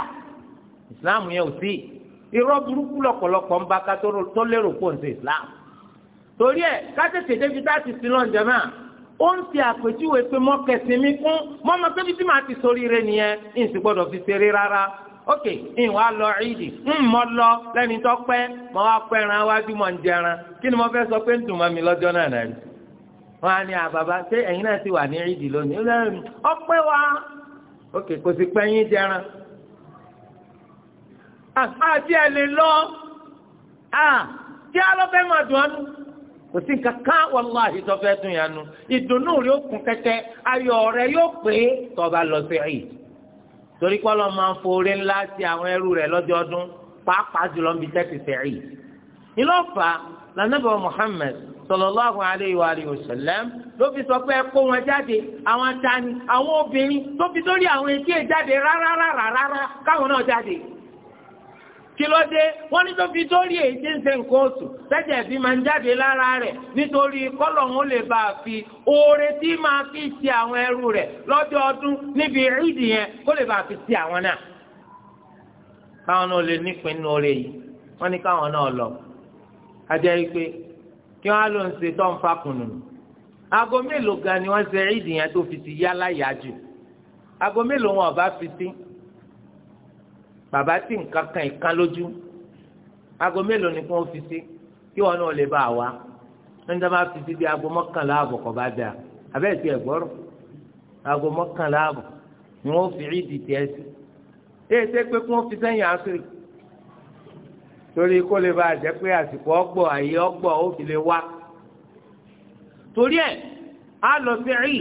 ìsìláàmù yẹn ò sí irọ́ burúkú lọ̀pọ̀lọpọ̀ ń bá ká tó lérò pọ̀ ní ìsìláàmù torí ẹ̀ kátètè débi tá a ti sin lọ́njẹ́ náà ó ń ti àpèjúwe pé mọ́kẹ́sìn mi kún mọ́mọ́ pé tí màá ti sóríire nìyẹn ìsìgbọ́dọ̀ fi ṣeré rárá ok ìwọ alọ ìdì ńmọ lọ lẹni tó pẹ́ mọ ẹran wájú mọ ń jẹran kí ni mo fẹ́ sọ pé ń dùn mọ́ mi náà nàá wọn á ní àbàbà ṣé náà ti wà ní ìdì lónìí ọpẹ́ wa ok kò sì pẹ yín jẹran àti ẹ lè lọ kí á lọ fẹ́ dùn kò sí nǹkan kan fẹ́ dùn ìdùnnú ó kún kẹ́kẹ́ ayọ̀ yóò pé lọ sí ẹ̀yìn. torí pé ọlọ́run máa ń foore ńlá sí àwọn ẹrú rẹ̀ lọ́dọọdún pàápàá jùlọ ń bi tẹ́tì fẹ̀rí. ilé ọ̀fà lànàbọ̀ Muhammad sallallahu alayhi wa alihi wa sallam ló fi sọ pé ẹ kó wọn jáde àwọn tani àwọn obìnrin tó fi dórí àwọn etí ẹ̀ jáde rárá rárá rárá káwọn náà jáde kí ló dé wọ́n ní tó fi torí èyí tí ń ṣe nǹkan oṣù tẹ́jẹ̀ bí máa ń jáde lára rẹ̀ nítorí kọ́lọ̀ ń lè bá a fi oore tí máa fi ṣe àwọn ẹrú rẹ̀ lọ́dọọdún níbi ìdí yẹn kó lè bá a fi ṣe àwọn náà. káwọn náà lè nípìn nínú oore yìí wọ́n ní káwọn náà lọ. ajá yìí kí wọ́n á lọ ṣe tó ń fa kùnù. aago mélòó gan ni wọ́n ṣe ìdí yẹn tó fi ti yá láyàá jù aago mélòó wọn ò bá fi sí bàbá tí nǹkan kan ìkan lójú aago mélòó ni kò fi sí kí wọn náà lè bá a wá ní dábàá fi sí bí aago mọ́kànlá ààbọ̀ kọ́ bá dáa abẹ́ẹ̀ tí ẹ̀ gbọ́rọ̀ aago mọ́kànlá ààbọ̀ ni wọ́n fi rí ìdìtì ẹ̀ ẹ̀ ṣe pé kí wọ́n fi sẹ́yìn àṣírí torí kó lè bá a jẹ́ pé àsìkò ọgbọ̀ àyè ọgbọ̀ ó fi lè wá torí ẹ̀ á lọ sí rí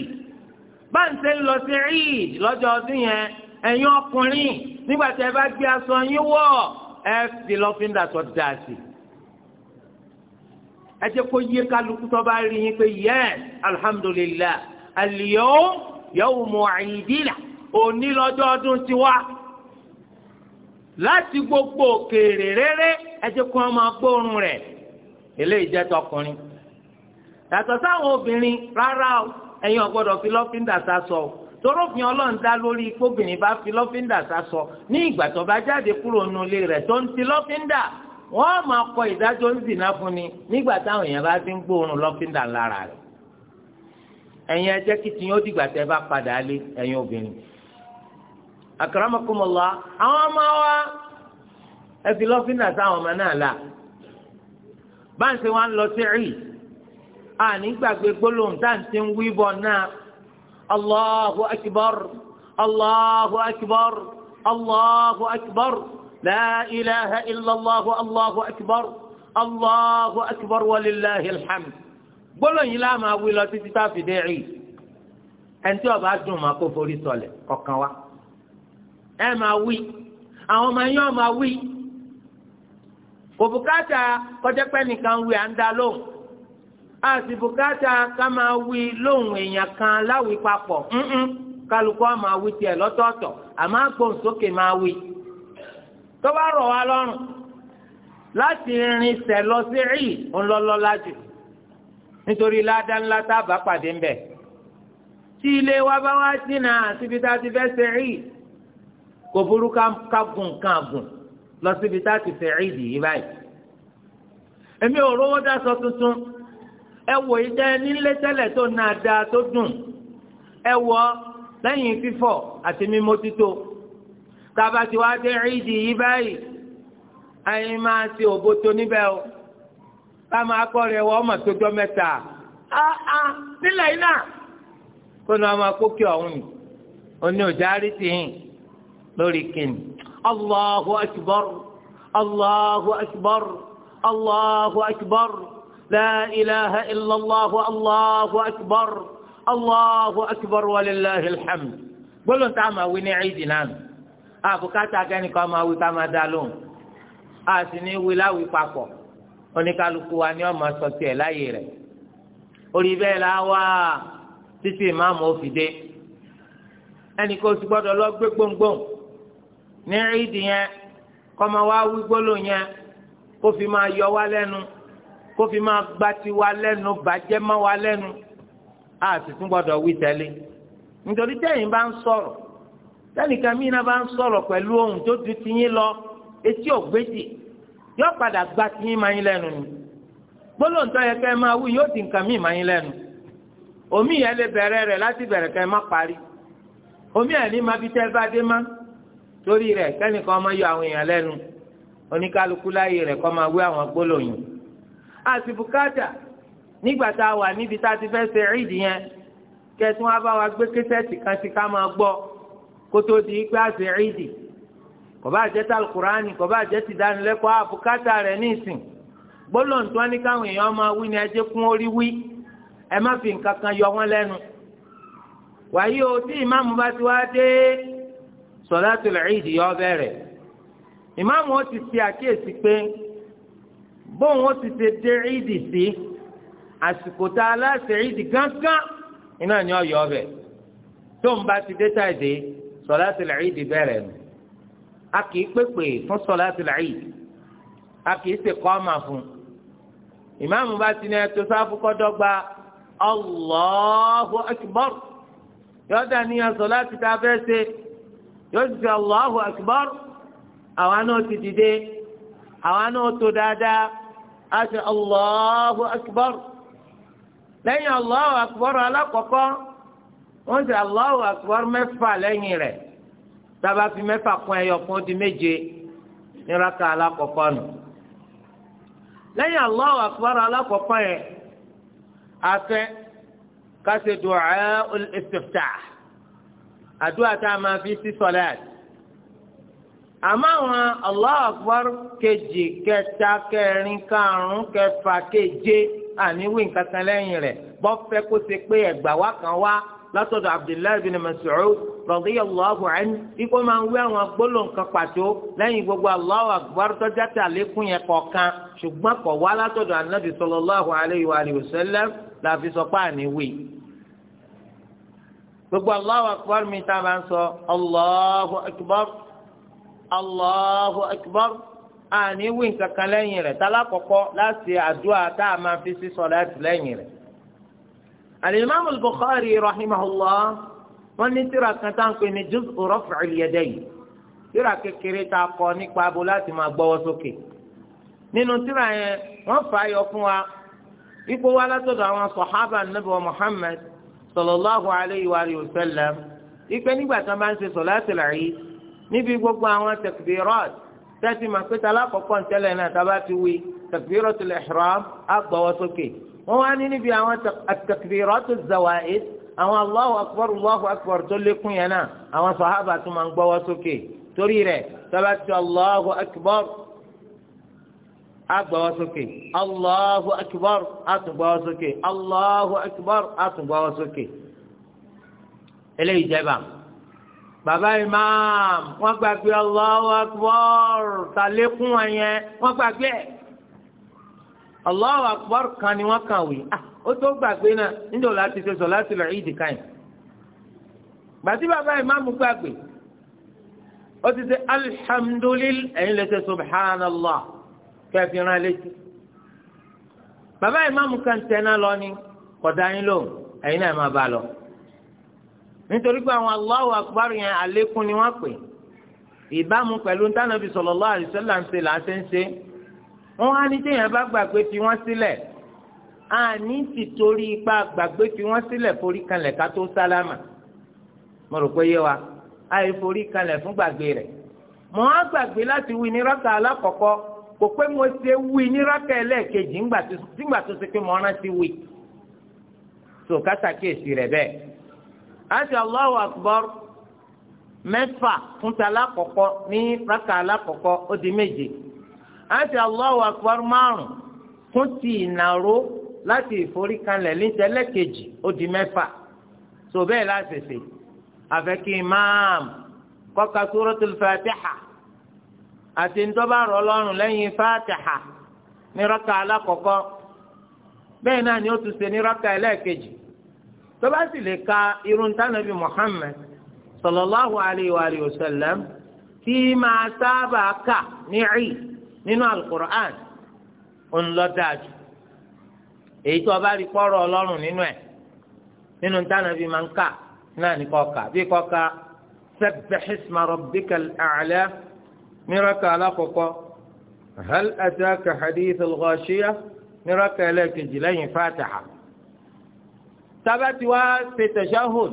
báńsẹ̀ ń lọ sí rí lọ́jọ́ ọdún yẹn ẹ̀yin ọkùnrin nígbà tí ẹ bá gbé aṣọ yín wọ̀ ẹ fi lọ́fíńdà tó dáa sí i ẹ jẹ́ kó yé kálukú tó bá rí yín pé yẹ́s alhamdulillah al-yawm yawmu 'idina òní lọ́jọ́ ọdún tiwa láti gbogbo òkèèrè rere ẹ jẹ́ kó máa gbóòórùn rẹ̀ eléyìí jẹ́ tọkùnrin yàtọ̀ sáwọn obìnrin rárá o ẹ̀yin ò fi lọ́fíńdà sá sọ o. torófin ọlọ́run dá lórí kóbìnrin bá fi lọ́fíńdà sasọ ní ìgbà tó bá jáde kúrò nínú ilé rẹ̀ tó ń ti wọ́n máa kọ ìdájọ́ ń zìnà fún ni nígbà táwọn èèyàn bá ti ń gbóòórùn lọ́fíńdà lára rẹ̀ ẹ̀yin ẹ jẹ́ kí tiyín ó dìgbà tẹ́ bá padà lé ẹ̀yin obìnrin àwọn ọmọ wa ẹ fi lọ́fíńdà sáwọn ọmọ náà báńsì wa ń lọ sí rí gbólóhùn الله أكبر الله أكبر الله أكبر لا إله إلا الله الله أكبر الله أكبر ولله الحمد gbọ́dọ̀ yìí lá máa wí lọ títí tá a fi dé rí ẹni tí ọba dùn máa kó forí sọlẹ̀ kọ̀ọ̀kan wa ẹ máa wí àwọn ọmọ yẹn máa wí kò bùkátà kọjá pẹ́ nìkan wí à ń dá lóhùn a sì bùkátà ká máa wí lóhùn èèyàn kan láwí papọ̀ ńǹ kálukú á máa wí tiẹ̀ lọ́tọ̀ọ̀tọ̀ àmọ́ agbóhùnsókè máa wí. tó bá rọ̀ wá lọ́rùn láti rin sẹ̀ lọ sí rí ńlọ́lọ́lá jù nítorí ládánlá tá a bá pàdé ń bẹ̀. tí ilé wa bá wá sínú àti tá a ti fẹ́ ṣe rí kò burú ká gùn kan gùn lọ síbi tá a ti fẹ́ rí yìí báyìí. èmi ò rówó dáṣọ tuntun E wò yìí dẹ tó náà da tó dùn ẹ wọ lẹ́yìn àti mímótító tába tí wàá dé ìdí yìí báyìí ayé máa o ká máa kọ́ rẹ̀ wọ́n ọmọ tó jọ mẹ́ta áá nílẹ̀ yìí náà kó kókè ọ̀hún ni oní ọjà rí Allahu Allahu Allahu لا إله إلا الله الله أكبر الله أكبر ولله الحمد gbọ́dọ̀ tá a máa wí ní ẹ̀ẹ́dì náà nù àbùkátà kẹ́nìkan máa wí ká máa dá lóhùn a sì ní wí láwí papọ̀ oníkálukú wa ni wọ́n máa sọ tiẹ̀ láàyè rẹ̀ orí bẹ́ẹ̀ la wá títí ìmáàmù òfìdé ẹnì kò sì gbọ́dọ̀ lọ gbé gbóngbóng ní ẹ̀ẹ́dì yẹn kọ́ máa wá wí gbólóhùn yẹn kó fi máa yọ wá lẹ́nu. kó fi máa gba tiwa lẹ́nu bàjẹ́ wa lẹ́nu a sì tún gbọ́dọ̀ wí tẹ́lẹ̀ nítorí tẹ́yìn bá ń sọ̀rọ̀ tẹ́nìkan mí ń sọ̀rọ̀ pẹ̀lú ohun tó ju tiyín lọ etí ògbéjì yóò padà gba tiyín máa yín lẹ́nu ni gbólóǹtọ́ yẹ máa wú yóò nǹkan máa yín lẹ́nu omi yẹn lè bẹ̀rẹ̀ rẹ̀ láti bẹ̀rẹ̀ kẹ́ má parí omi yẹn ní máa fi tẹ́ bá dé má torí rẹ̀ àwọn èèyàn lẹ́nu oníkálukú láyé rẹ̀ kọ́ máa wí àwọn gbólóyìn àti bùkátà nígbà tá a wà níbi tá a ti fẹ́ ṣe ìdí yẹn kẹtù wọn bá wa gbé kẹsẹ̀tì kan sí ká máa gbọ́ kó tó di pé a ṣe ìdí kò bá jẹ́ talukurani kò bá jẹ́ tìdánilẹ́kọ̀ọ́ àbùkátà rẹ̀ nísìn gbólóǹtọ́ ní káwọn èèyàn máa wí ni ẹ jẹ́ kún orí wí ẹ má fi nǹkan kan yọ wọ́n lẹ́nu wàyí o tí ìmáàmù bá ti wá dé sọ̀látùl ìdí yó bẹ̀rẹ̀ ìmáàmù ó ti ṣe àkíyèsí pé bóun ó ti ṣe dé ìdì sí àsìkò tá a láṣẹ ìdì gángan iná ni ọyọ ọbẹ tó ń bá ti dé táìdé sọláṣẹ làìdì bẹ̀rẹ̀ nù a kì í pèpè fún sọláṣẹ làìdì a kì í ṣe kọ́ọ̀mà fún ìmáàmù bá ti ní ẹtọ́ sáfù kọ́dọ́gba Allahu akbar yọ̀ọ́dà ní sọláṣẹ tá a fẹ́ ṣe yọ̀ọ́ ti ṣe Allahu akbar àwa náà ti dìde àwa náà tó dáadáa a ṣe Allahu akbar lẹ́yìn Allahu akbar alákọ̀ọ́kọ́ wọ́n ṣe Allahu akbar mẹ́fà lẹ́yìn rẹ̀ tába fi mẹ́fà kún ẹyọ kún di méje ní rákà alákọ̀ọ́kọ́ nù lẹ́yìn Allahu akbar alákọ̀ọ́kọ́ yẹn afẹ́ kásẹ̀ du'a al-istiftah àdúrà tá a máa fi sí sọ́láàtì àmọ́ àwọn Allahu Akbar kejì kẹta kẹrin karùn-ún kẹfà keje àníwì nǹkankan lẹ́yìn rẹ̀ bọ́ fẹ́ kó ṣe pé ẹ̀gbà wa kan wá látọ̀dọ̀ Abdullahi bin Mas'ud radiyallahu anhu ikú máa ń wí àwọn gbólóǹkan pàtó lẹ́yìn gbogbo Allahu Akbar tọ́jà tà lékún yẹn kọ̀ọ̀kan ṣùgbọ́n kọ̀ wá látọ̀dọ̀ anabi sallallahu alayhi wa sallam làfi sọ pé àníwì gbogbo Allahu Allahu akbar àní wí nǹkan kan lẹ́yìn rẹ̀ tálákọ̀ọ́kọ́ láti àdúrà tá a máa fi sí sọ̀láàtì lẹ́yìn rẹ̀. Al-Imam al-Bukhari rahimahullah wọ́n ní tírà kan tá à ń pè ní juz'u raf'il yadayn tírà kékeré tá a kọ nípa abo láti máa gbọ́wọ́ sókè. nínú tírà yẹn wọ́n fà á yọ fún wa ipò wa látọ̀dọ̀ àwọn sọ̀hábà nàbẹ̀ wa Muhammad sallallahu alayhi wa sallam ipe nígbà tí wọ́n bá ń ṣe sọ̀láàtì làyè níbi gbogbo àwọn takbirat tẹ́tí máa pété alákọ̀ọ́kọ́ ntẹ́lẹ̀ náà tá a bá ti wí takbiratul ihram á gbọ́wọ́ sókè wọ́n wá ní níbi àwọn takbiratul zawaid àwọn Allahu akbar Allahu akbar tó lékún yẹn náà àwọn sàhábà tó máa ń gbọ́wọ́ sókè torí rẹ̀ tá a bá ti Allahu akbar agbawo sókè allahu akbar atungbawo sókè allahu akbar atungbawo sókè eléyìí jẹba bàbá imam wọ́n gbàgbé Allahu akbar tàlékún wọn yẹn wọn gbàgbé ẹ̀ Allahu akbar kan ni wọ́n kàn wí ah, ó tó gbàgbé náà níjọ́ láti ṣe sọ láti di ìdí káyìn gbàtí bàbá imam gbàgbé ó ti ṣe alhamdulillah ẹ̀yin lè ṣe subhanallah kẹfìrán létí bàbá imam kan tẹ̀ náà lọ ni kọ̀dá yín lóhùn ẹ̀yin náà máa bá a lọ. nítorí pé àwọn Allahu Akbar yẹn àlékún ni wọ́n pè ìbámu pẹ̀lú ntánàbí sallallahu alaihi wasallam ń ṣe làásẹ̀ ń ṣe wọ́n á ní téèyàn bá gbàgbé fi wọ́n sílẹ̀ á ní ti torí ipá gbàgbé fi wọ́n sílẹ̀ forí kanlẹ̀ ká tó sálámà mo rò pé yé wa àyè forí kanlẹ̀ fún gbàgbé rẹ̀ mo á gbàgbé láti wí ní rákà alákọ̀ọ́kọ́ kò pé mo ṣe wí ní rákà ẹlẹ́ẹ̀kejì ńgbà tó ṣe pé mo rántí wí so ká ṣàkíyèsí rẹ̀ bẹ́ẹ̀. àti Akbar ti alákọ̀ọ́kọ́ ní rákà alákọ̀ọ́kọ́ di méje àti Allahu Akbar márùn fún ti ìnáró láti ìforíkanlẹ̀ nítẹ̀lẹ́kejì o di mẹ́fà tó bẹ́ẹ̀ láṣẹṣe àfẹ́kí imam kọ́ka suratul Fatiha àti ntọ́ba rọ̀ Fatiha ní rákà alákọ̀ọ́kọ́ bẹ́ẹ̀ tó bá sì lè ka irun tánàbí Muhammad sallallahu alayhi wa alihi wa sallam tí máa sábà kà ní rí nínú alukur'an ń lọ dájú èyí tó bá rí pọ́rọ̀ ọlọ́run nínú ẹ̀ nínú tánàbí máa ń kà náà ní kọ́ka bí kọ́ka sabbih isma rabbikal a'la míraka alákọ̀ọ́kọ́ hal ataka hadithul ghashiya míraka ẹlẹ́kejì lẹ́yìn fatiha tábàtì wá ṣe tẹ̀síọ́hùn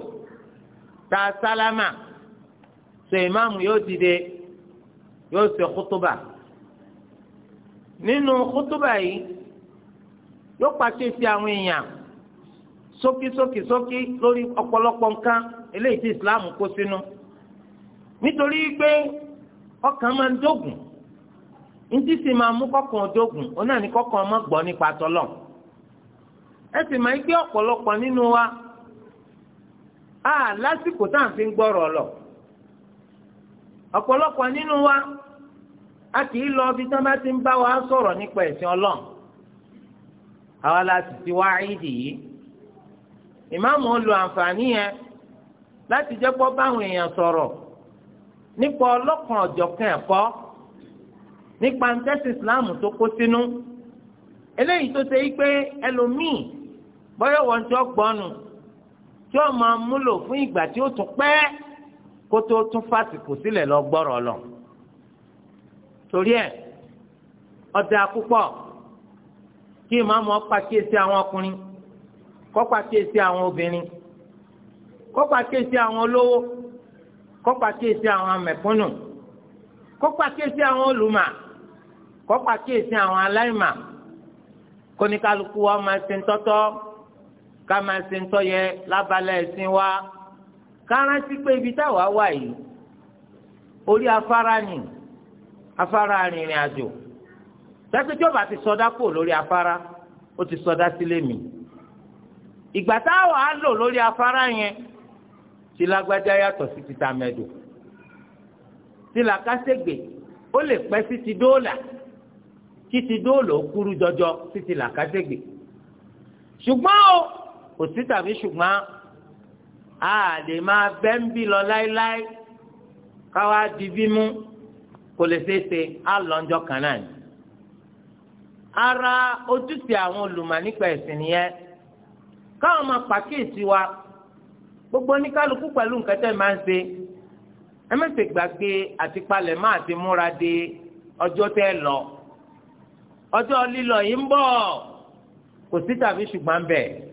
tá a sálámà ṣe ìmáàmù yóò dìde yóò ṣe kútúbà nínú kútúbà yìí yóò pàṣẹ sí àwọn èèyàn sókí sókí sókí lórí ọ̀pọ̀lọpọ̀ nǹkan eléyìí tí Islam kó sínú nítorí pé ọkàn máa ń dógùn ntí sì máa mú kọkàn dógùn ó náà ní kọkàn ọmọ gbọ́ nípa tọ́lọ́ọ̀. ẹ sì máa ń gbé ọ̀pọ̀lọpọ̀ nínú wa a lásìkò tá à ń fi gbọ́rọ̀ lọ ọ̀pọ̀lọpọ̀ nínú wa a kì í lọ ibi tí wọ́n bá ti ń bá wa sọ̀rọ̀ nípa ẹ̀sìn ọlọ́run àwa la sì ti wá ìdì yìí ìmáàmù ń lo àǹfààní yẹn láti jẹ́ pọ́ báwọn èèyàn sọ̀rọ̀ nípa ọlọ́kan ọ̀jọ̀kan ẹ̀kọ́ nípa ntẹ́sí islam tó kó sínú eléyìí tó ṣe é pé ẹlòmíì bọ́yọ̀ wọ́n tí ó gbọ́nù tí ó máa múlò fún ìgbà tí ó tún pẹ́ kó tó tún fásitì sílẹ̀ lọ gbọ́rọ̀ lọ. torí ẹ̀ ọ̀dà púpọ̀ kí ìmáàmù ó pàkíyèsí àwọn ọkùnrin kó pàkíyèsí àwọn obìnrin kó pàkíyèsí àwọn olówó kó pàkíyèsí àwọn mẹ̀kúnnù kó pàkíyèsí àwọn olùmọ̀ kó pàkíyèsí àwọn aláìmọ̀ kóníkálukú wa máa ṣe ń tọ́tọ́ Kama máa ṣe ń tọ́yẹ lábalẹ̀ ẹ̀sìn wa ká rántí pé ibi táwa wà yìí orí afárá ni afárá arìnrìn àjò tẹ́sítọ́ba ti sọdá kò lórí afárá ó ti sọdá sílé mi ìgbà táwa á lò lórí afárá yẹn tí lágbájá yàtọ̀ sí ti tàmẹ́dò tí làkàṣègbè ó lè pẹ́ sí ti dóòlà kí ti dóòlà ó kúrú jọjọ sí ti làkàṣègbè ṣùgbọ́n o kò sí tàbí ṣùgbọ́n a lè máa bẹ́ńbì lọ láéláé káwá di bímú kò lè ṣeé ṣe á lọ́njọ́ kan náà ni. ara ojúṣe àwọn olùmọ̀ nípa ẹ̀sìn nìyẹn káwọn máa pàkíyèsí wa gbogbo oníkálukú pẹ̀lú nǹkan tẹ́ máa ń ṣe ẹ má ṣe gbàgbé àti palẹ̀ máa ti múra de ọjọ́ tẹ́ lọ ọjọ́ lílọ yìí ń bọ̀ kò sí tàbí ṣùgbọ́n bẹ́ẹ̀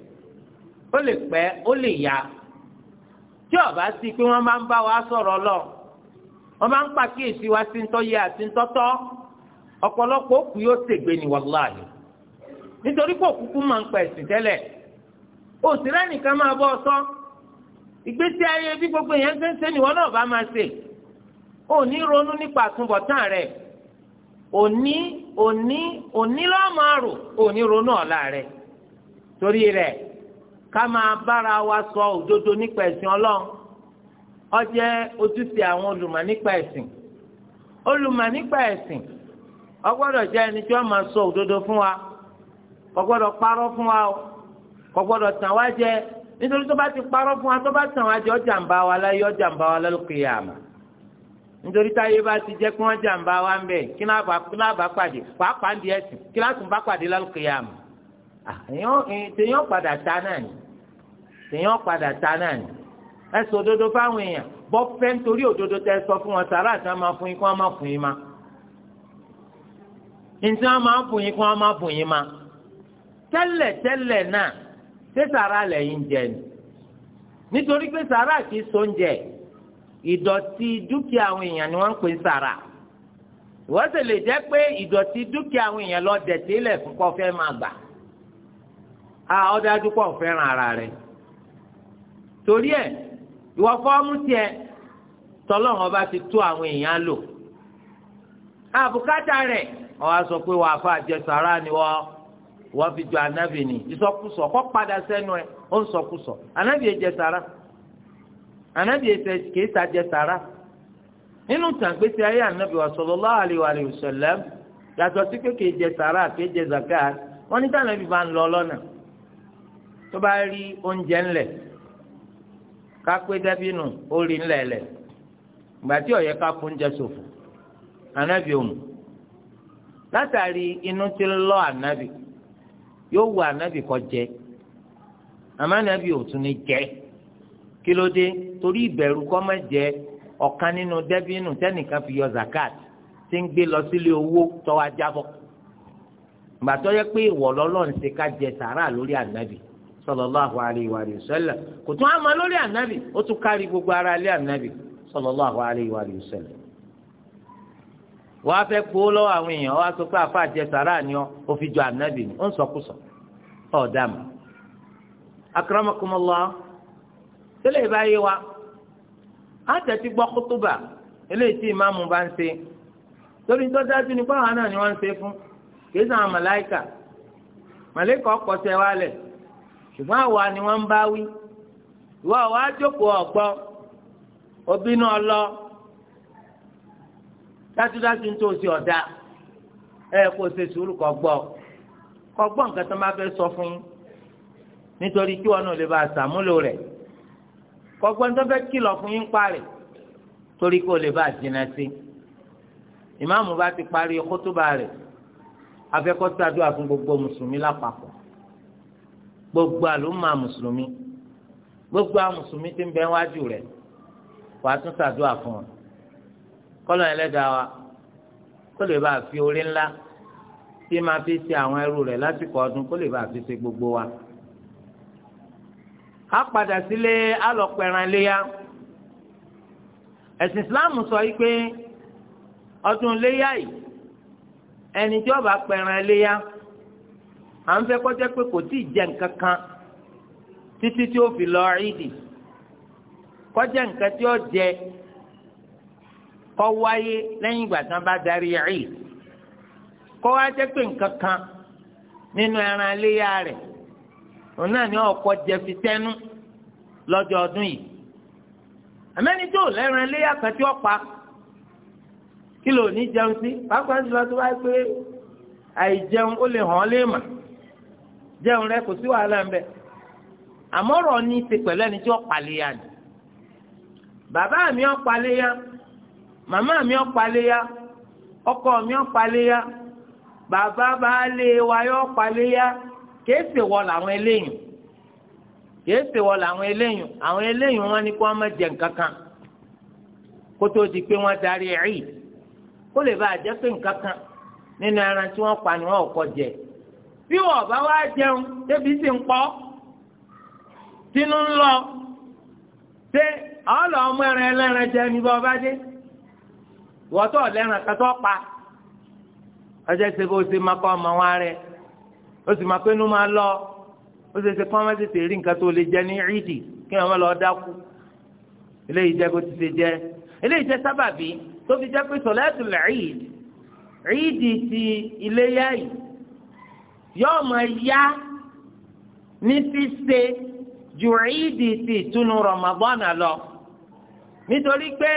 ó lè pẹ́ ó lè yá tí ọba sí pé wọ́n máa ń bá wa sọ̀rọ̀ lọ wọ́n máa ń pàkíyèsí wa sí ntọ́yẹ àti ntọ́tọ́ ọ̀pọ̀lọpọ̀ òkú yóò ṣègbè ní wàláàyè nítorí pé òkúkú máa ń pa ẹ̀sìn tẹ́lẹ̀ òsìrẹ́ nìkan máa bọ́ ìgbésí ayé bí gbogbo èèyàn ṣe ń ṣe nìwọ náà bá máa ṣe òní ronú nípa àtúbọ̀tán òní òní òní òní torí rẹ. kama abara bára wa sọ òdodo nípa ẹ̀sìn ọlọ́run ó ojúṣe àwọn olùmọ̀ nípa ẹ̀sìn olùmọ̀ nípa ẹ̀sìn jẹ́ ẹni tí wọ́n máa sọ òdodo fún wa parọ́ fún wa o tàn wá jẹ nítorí tó bá ti parọ́ fún wa tó bá tàn wá jẹ ọjà ń bá wa láyé ọjà ń bá wa nítorí táyé bá ti jẹ́ kí wọ́n jà ń bá wa ń bẹ̀ kí pàdé Ah, tèèyàn padà ta náà ni tèèyàn padà ta náà ni ẹ sọ òdodo fáwọn èèyàn bọ́ fẹ́ nítorí òdodo tẹ sọ fún wọn sàrà àti wọn máa fún yín kí wọn máa fún yín ma ntí wọn máa fún yín kí wọn fún yín ma tẹ́lẹ̀ tẹ́lẹ̀ náà ṣé sàrà lẹ́yìn jẹ ni nítorí pé sàrà kì í so ń jẹ ìdọ̀tí dúkìá àwọn èèyàn ni wọ́n ń pè sàrà wọ́n sì lè jẹ́ pé ìdọ̀tí dúkìá àwọn èèyàn lọ dẹ̀ sílẹ̀ fún kọfẹ́ máa gbà. a ọdájú pọ̀ fẹ́ràn ara rẹ̀ torí ẹ̀ ìwọ fọ́ọ̀mù tiẹ̀ tọ́lọ́run ọba ti tó àwọn èèyàn lò àbùkátà rẹ̀ wọ́n sọ pé wàá fà anabini ni wọ́n wọ́n fi jọ ànábì ni ìsọkúsọ kọ́ padà sẹ́nu ẹ̀ ó ń sọkúsọ sa nínú tàǹgbẹ́sẹ̀ ayé yàtọ̀ sí pé tó bá rí oúnjẹ ńlẹ̀ kápé dàbínù ó rí nle lẹ̀ gbàtí ọ̀yẹ́ ká kó oúnjẹ ṣòfò ànábì òmù látàrí inú tí lọ anabi yóò wù anabi kọ jẹ àmọ́ ànábì ò tún ní jẹ kí torí ìbẹ̀rù kó má jẹ ọ̀kan nínú dàbínù tẹ́nìkan fi yọ zakat tí ń gbé lọ sílé owó tọ́wọ́ ajábọ̀ gbàtọ́ yẹ pé ìwọ̀ lọ́lọ́run ṣe ká jẹ lórí sallallahu alayhi wa kò tún àmọ́ lórí ànábì ó tún kárí gbogbo ara ilé ànábì sọlọlọ alayhi wa sallam. fẹ́ kó lọ́wọ́ àwọn èèyàn wọ́n sọ pé àfa àjẹsára ni ọ́ ó fi jọ ànábì ni ó ń sọkúsọ ọ̀dà mọ́. akramakumullah tẹ́lẹ̀ ìbáyé wa á tẹ̀sí gbọ́ eléyìí tí ìmáàmù ṣùgbọ́n àwa ni wọ́n ń bá wí ìwọ àwa jókòó ọ̀gbọ́ òbí náà lọ dájúdájú ń tó o ṣe ọ̀dà ẹ kó o ṣe sùúrù kọ́ gbọ́ kọ́ gbọ́ nǹkan tó máa fẹ́ sọ fún yín nítorí kí wọn náà lè ba àṣàmúlò rẹ̀ kọ́ gbọ́ fẹ́ kìlọ̀ fún yín parí torí kó lè bá jìnnà sí ìmáàmù bá ti parí kótóbá rẹ̀ afẹ́kọ́sádùn àfún gbogbo mùsùlùmí lápapọ̀ gbogbo àlùmọ́ mùsùlùmí gbogbo àwọn mùsùlùmí ti ń bẹ wájú rẹ̀ wàá tún ṣàdúrà fún ọ kọ́lọ̀ ẹlẹ́dàá wa kó lè bá a fi orí ńlá tí máa fi ṣe àwọn ẹrú rẹ̀ lásìkò ọdún kó lè bá a fi ṣe gbogbo wa. a padà sílé alọ́pẹ̀ràn léyà ẹ̀sìn islámù sọ yìí pé ọdún léyà yìí ẹni tí ó bá léyà. à ń fẹ́ kọjá pé kò jẹ nǹkan kan títí tí ó fi lọ ìdì kọjá nǹkan tí ó jẹ kó wáyé lẹ́yìn ìgbà tí wọ́n bá darí ìdì wá jẹ́ pé nǹkan kan nínú ẹran rẹ̀ òun náà ni ọkọ̀ jẹ fi tẹ́nu lọ́jọ́ ọdún yìí àmẹ́ni tó lẹ́ran kan tí ó pa kí ló ní jẹun sí tó bá pé àìjẹun ó jẹun rẹ kò sí wàhálà ń bẹ àmọ́ ní í pẹ̀lú ẹni tí ó paléya ni bàbá mi ó paléya màmá ọkọ mi ó paléya bàbá baálé wa yóò paléya kìí wọ làwọn eléyìn kìí wọ làwọn eléyìn àwọn eléyìn wọn ni kí wọn jẹ nǹkan kan kó tó di pé wọn darí ẹ̀rí pa ni wọn ò kọ jẹ bí wọn bá wá jẹun débi sì ń pọ̀ tínú ń lọ ṣé ọlọ ọmọ ẹran ẹlẹ́ran jẹ ní bá ọba dé wọ́tọ̀ lẹ́ran kẹtọ́ pa ọjọ́ ṣe bó ṣe máa kọ́ ọmọ wọn rẹ ó sì máa pẹ́nu máa lọ ó ṣe ṣe kọ́ ọmọ tètè rí nǹkan tó lè jẹ ní ìdì kí wọn lọ dákú eléyìí jẹ kó ti ṣe jẹ eléyìí jẹ sábàbí tó fi jẹ pé sọlẹ́tù lẹ́ẹ̀ẹ́dì ìdì ti iléyà yìí yóò máa yá ní ṣíṣe ju ìdí ti ìtúnu Ramadan lọ nítorí pé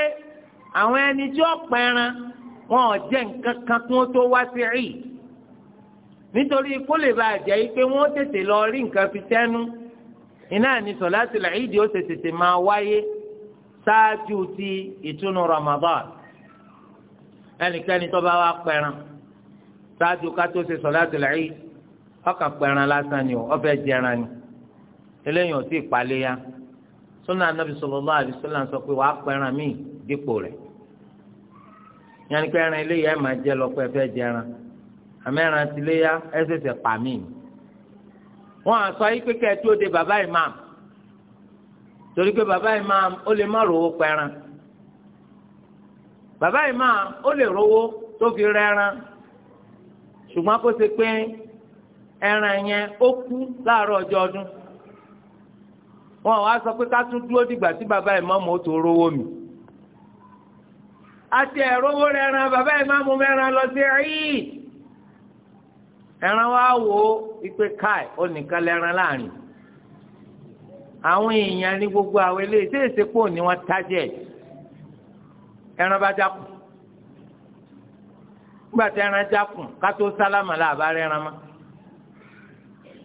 àwọn ẹni tí ó pẹran wọn ò jẹ nǹkan kan kí wọn tó wá sí ìd nítorí kó lè bá jẹ́ pé wọ́n tètè lọ rí nǹkan fi tẹ́nu iná ní sọ̀láṣí làídìí ó tètè máa wáyé ṣáájú ti ìtúnu Ramadan ẹnikẹ́ni tó bá wá pẹran ṣáájú ká tó ṣe sọ̀láṣí làídìí Ọ ka lásán ni o ọfẹ jẹran ni eléyìí ò tí ì paléya sunna anabi sallallahu alaihi ọ sọ pé wàá pẹran míì dípò rẹ̀ yanni pé ẹran eléyìí ẹ máa jẹ lọ pé ẹ fẹ́ jẹran àmẹran ti pa sọ yìí pé tí de bàbá torí pé bàbá ó lè má rówó pẹran bàbá ó lè rówó tó fi rẹran ẹran yẹn ó kú láàárọ̀ ọjọ́ ọdún wọn wá sọ pé ká tún dúró dìgbà tí bàbá ìmáàmù ó tó rówó mi àti ẹ̀rọwó rẹran bàbá ìmáàmù mẹ́ran lọ sí ẹ̀yìn ẹran wa wò ó ipe káì ó nìkan lẹ́ran láàrin àwọn èèyàn ní gbogbo àwọn eléyìí tí èsì pò ní wọn ẹran bá jákùn ẹran jákùn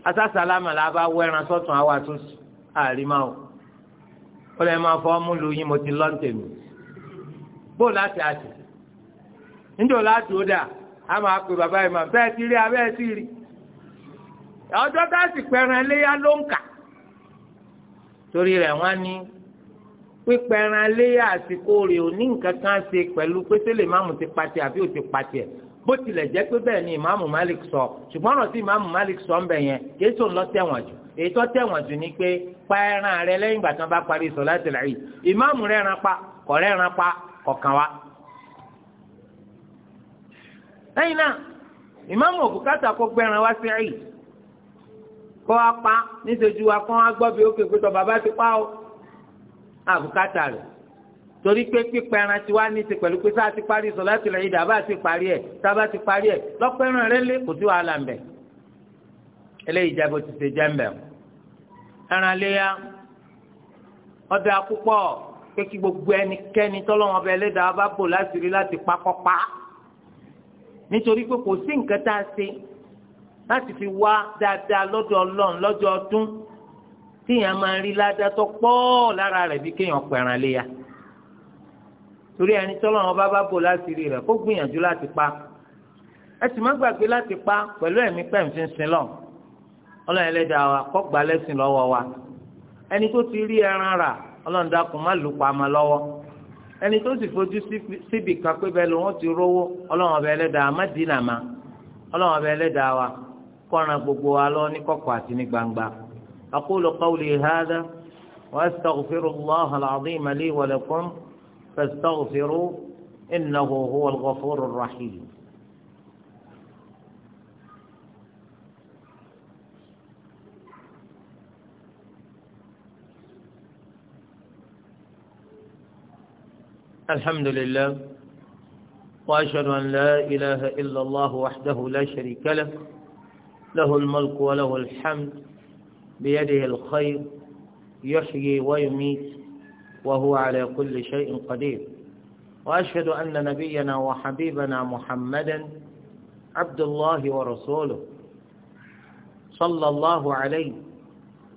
asásálámà la bá wẹ́ran sọ́tún àwa tún àrímá o ó lè máa fọ́ mú lu yín mo ti lọ́ǹtẹ̀ mi bó láti àṣì níjọ́ láti ó dà á máa pè bàbá yìí mà bẹ́ẹ̀ ti rí abẹ́ẹ̀ ti rí ọjọ́ tá a sì pẹran léyà ló ń kà torí rẹ̀ wọ́n á ní pípẹran léyà àsìkò rẹ̀ ò ní nǹkan kan ṣe pẹ̀lú pété lè má ti pàtì àbí ò ti pàtì bó tilẹ̀ jẹ́ pé bẹ́ẹ̀ ni ìmáàmù Malik sọ ṣùgbọ́n ọ̀rọ̀ tí Malik sọ ń bẹ̀ yẹn kìí lọ tẹ̀wọ̀n ni pé pa ẹran rẹ lẹ́yìn ìgbà tí wọ́n bá parí sọ̀láàtì láàyè ìmáàmù pa kọ̀rẹ́ ran pa kọ̀kan wa. lẹ́yìn náà ìmáàmù wá sí kó wá pa wa kó wá gbọ́ bí ó torí pé pípa ẹran tiwa ní ti pẹ̀lú pé sáà ti parí sọ̀láàtì lẹ́yìn dàbà ti parí ẹ̀ sábà ti parí ẹ̀ lọ́pọ̀ ẹran rẹ lé kò sí wàhálà ń bẹ̀. eléyìí jẹ́ bó ti ṣe jẹ́ ń bẹ̀. ẹran léya ọdẹ akúpọ̀ pé kí gbogbo ẹnikẹ́ni tọ́lọ́wọ́n bẹ lẹ́dàá bá bò láti rí láti pakọ́pá. nítorí pé kò sí nǹkan tá a ṣe láti fi wá dáadáa lọ́dọ̀ ọlọ́run lọ́jọ́ ọdún tíyàn máa ń rí ládàá torí ẹni tọ́lọ́ wọn bá bá bò láti rí rẹ̀ kó gbìyànjú láti pa ẹ sì má gbàgbé láti pa pẹ̀lú ẹ̀mí pẹ̀mfín sin lọ ọlọ́run ẹlẹ́dàá wa kó gbà lẹ́sìn lọ́wọ́ wa ẹni tó ti rí ẹran rà ọlọ́run dákun má lù pa ma lọ́wọ́ ẹni tó sì fojú síbi kan pé bẹ́ẹ̀ ló wọ́n ti rówó ọlọ́run ọba ẹlẹ́dàá má dínà ma ọlọ́run ọba ẹlẹ́dàá wa kọ́ran gbogbo wa lọ ní kọ̀kọ̀ àti ní gbangba aqulu qawli hadha wa astaghfirullaha al-azima li wa lakum. فاستغفروا إنه هو الغفور الرحيم الحمد لله وأشهد أن لا إله إلا الله وحده لا شريك له له الملك وله الحمد بيده الخير يحيي ويميت وهو على كل شيء قدير وأشهد أن نبينا وحبيبنا محمدا عبد الله ورسوله صلى الله عليه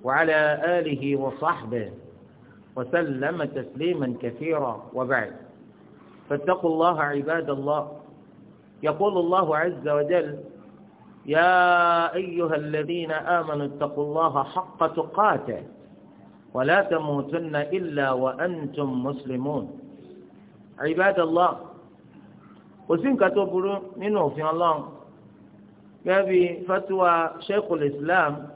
وعلى آله وصحبه وسلم تسليما كثيرا وبعد فاتقوا الله عباد الله يقول الله عز وجل يا أيها الذين آمنوا اتقوا الله حق تقاته ولا تموتن إلا وأنتم مسلمون عباد الله وسين كتبوا منه في الله كابي فتوى شيخ الإسلام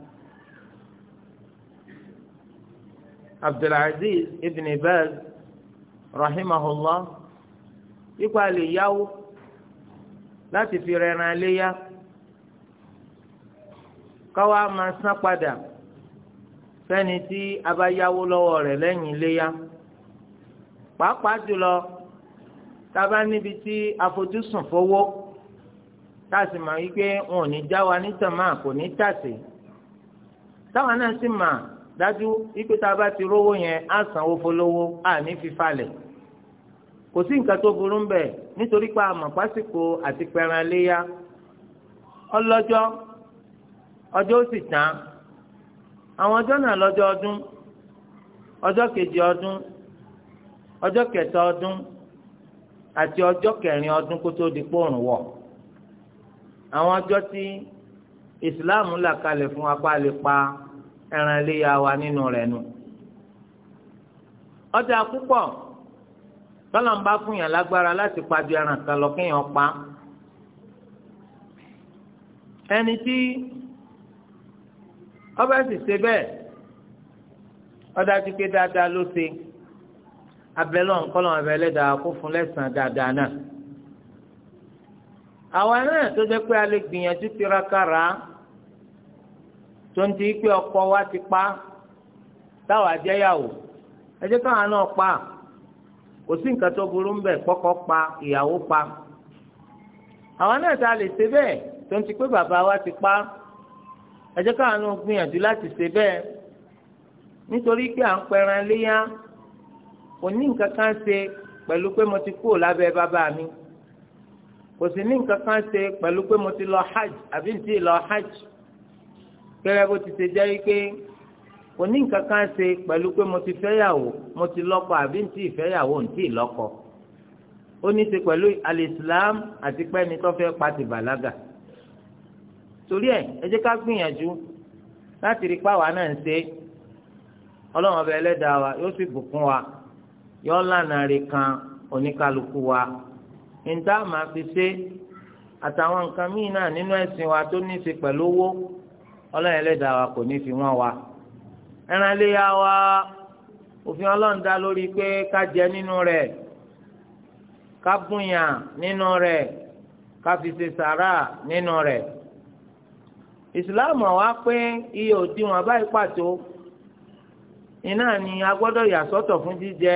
عبد العزيز ابن باز رحمه الله يقال لي لا تفيرنا ليا káwa máa san padà fẹ́ni tí a bá yáwó lọ́wọ́ rẹ̀ lẹ́yìn iléyá pàápàá jùlọ tá a bá níbi tí àfojúsùn fowó tá a sì mọ̀ wípé wọn ò ní já wa nítàn máa kò ní tàsé táwọn náà sì mà dájú wípé tá a bá ti rówó yẹn á sanwó fọlọ́wọ́ á ní fífalẹ̀ kò sí nǹkan tó burú ń nítorí pé àmọ̀ pásíkò àti pẹran léyá ọlọ́jọ́ ọjọ́ sì tán. àwọn ọjọ́ náà lọ́jọ́ ọdún ọjọ́ kejì ọdún ọjọ́ kẹta ọdún àti ọjọ́ kẹrin ọdún kó tó di pòrùn wọ̀ àwọn ọjọ́ tí ìsìláàmù là kalẹ̀ fún apá lè pa ẹran iléyà wa nínú rẹ̀ nù ọjà púpọ̀ tọ́lọ̀ pa ọba sì ṣe bẹ́ẹ̀ ọdájú pé dáadáa ló ṣe abẹ́lọ́ nkọ́lọ́ abẹ́lẹ́dàá kó fún lẹ́sàn-án dáadáa náà àwa náà tó jẹ́ pé a lè gbìyànjú tirakara tó ń di pé ọkọ wa ti pa táwa jẹ́yàwó ẹ jẹ́ káwọn náà pa kò sí nǹkan tó burú ń bẹ̀ kọ́kọ́ pa ìyàwó pa àwa náà tá a lè ṣe bẹ́ẹ̀ tó ń ti pé bàbá wa ti pa ẹ jẹ́ káwọn náà gbìyànjú láti ṣe bẹ́ẹ̀ nítorí pé à ń pẹran léyà kò ní nǹkan kan ṣe pẹ̀lú pé mo ti kúrò lábẹ́ bàbá mi kò sì ní nǹkan kan ṣe pẹ̀lú pé mo ti lọ hajj àbí ntí lọ hajj gẹ́gẹ́ bó ti ṣe jẹ́ wípé kò ní nǹkan kan ṣe pẹ̀lú pé mo ti fẹ́yàwó mo ti lọ́kọ àbí ntí ìfẹ́yàwó ntí ìlọ́kọ ó ní ṣe pẹ̀lú alìsílám àti pẹ́ni tó fẹ́ pa ti bàlágà torí ẹ ẹ jẹ́ ká gbìyànjú láti rí pàwọ́ náà ń ṣe ọlọ́run ọba ẹlẹ́dàá wa yóò sì bùkún wa yóò lànà rí kan oníkálukú wa níta máa fi ṣe àtàwọn nǹkan míì náà nínú ẹ̀sìn wa tó ní í ṣe pẹ̀lú owó ọlọ́run wa kò ní fi wa ẹran léya wa òfin ọlọ́run dá lórí pé ká jẹ nínú rẹ̀ ká bùnyàn nínú rẹ̀ ká fi ṣe sàrà nínú re. ìsìláàmù àwa pé iye òdiwọ̀n báyìí pàtó iná ni a gbọ́dọ̀ yà sọ́tọ̀ fún jíjẹ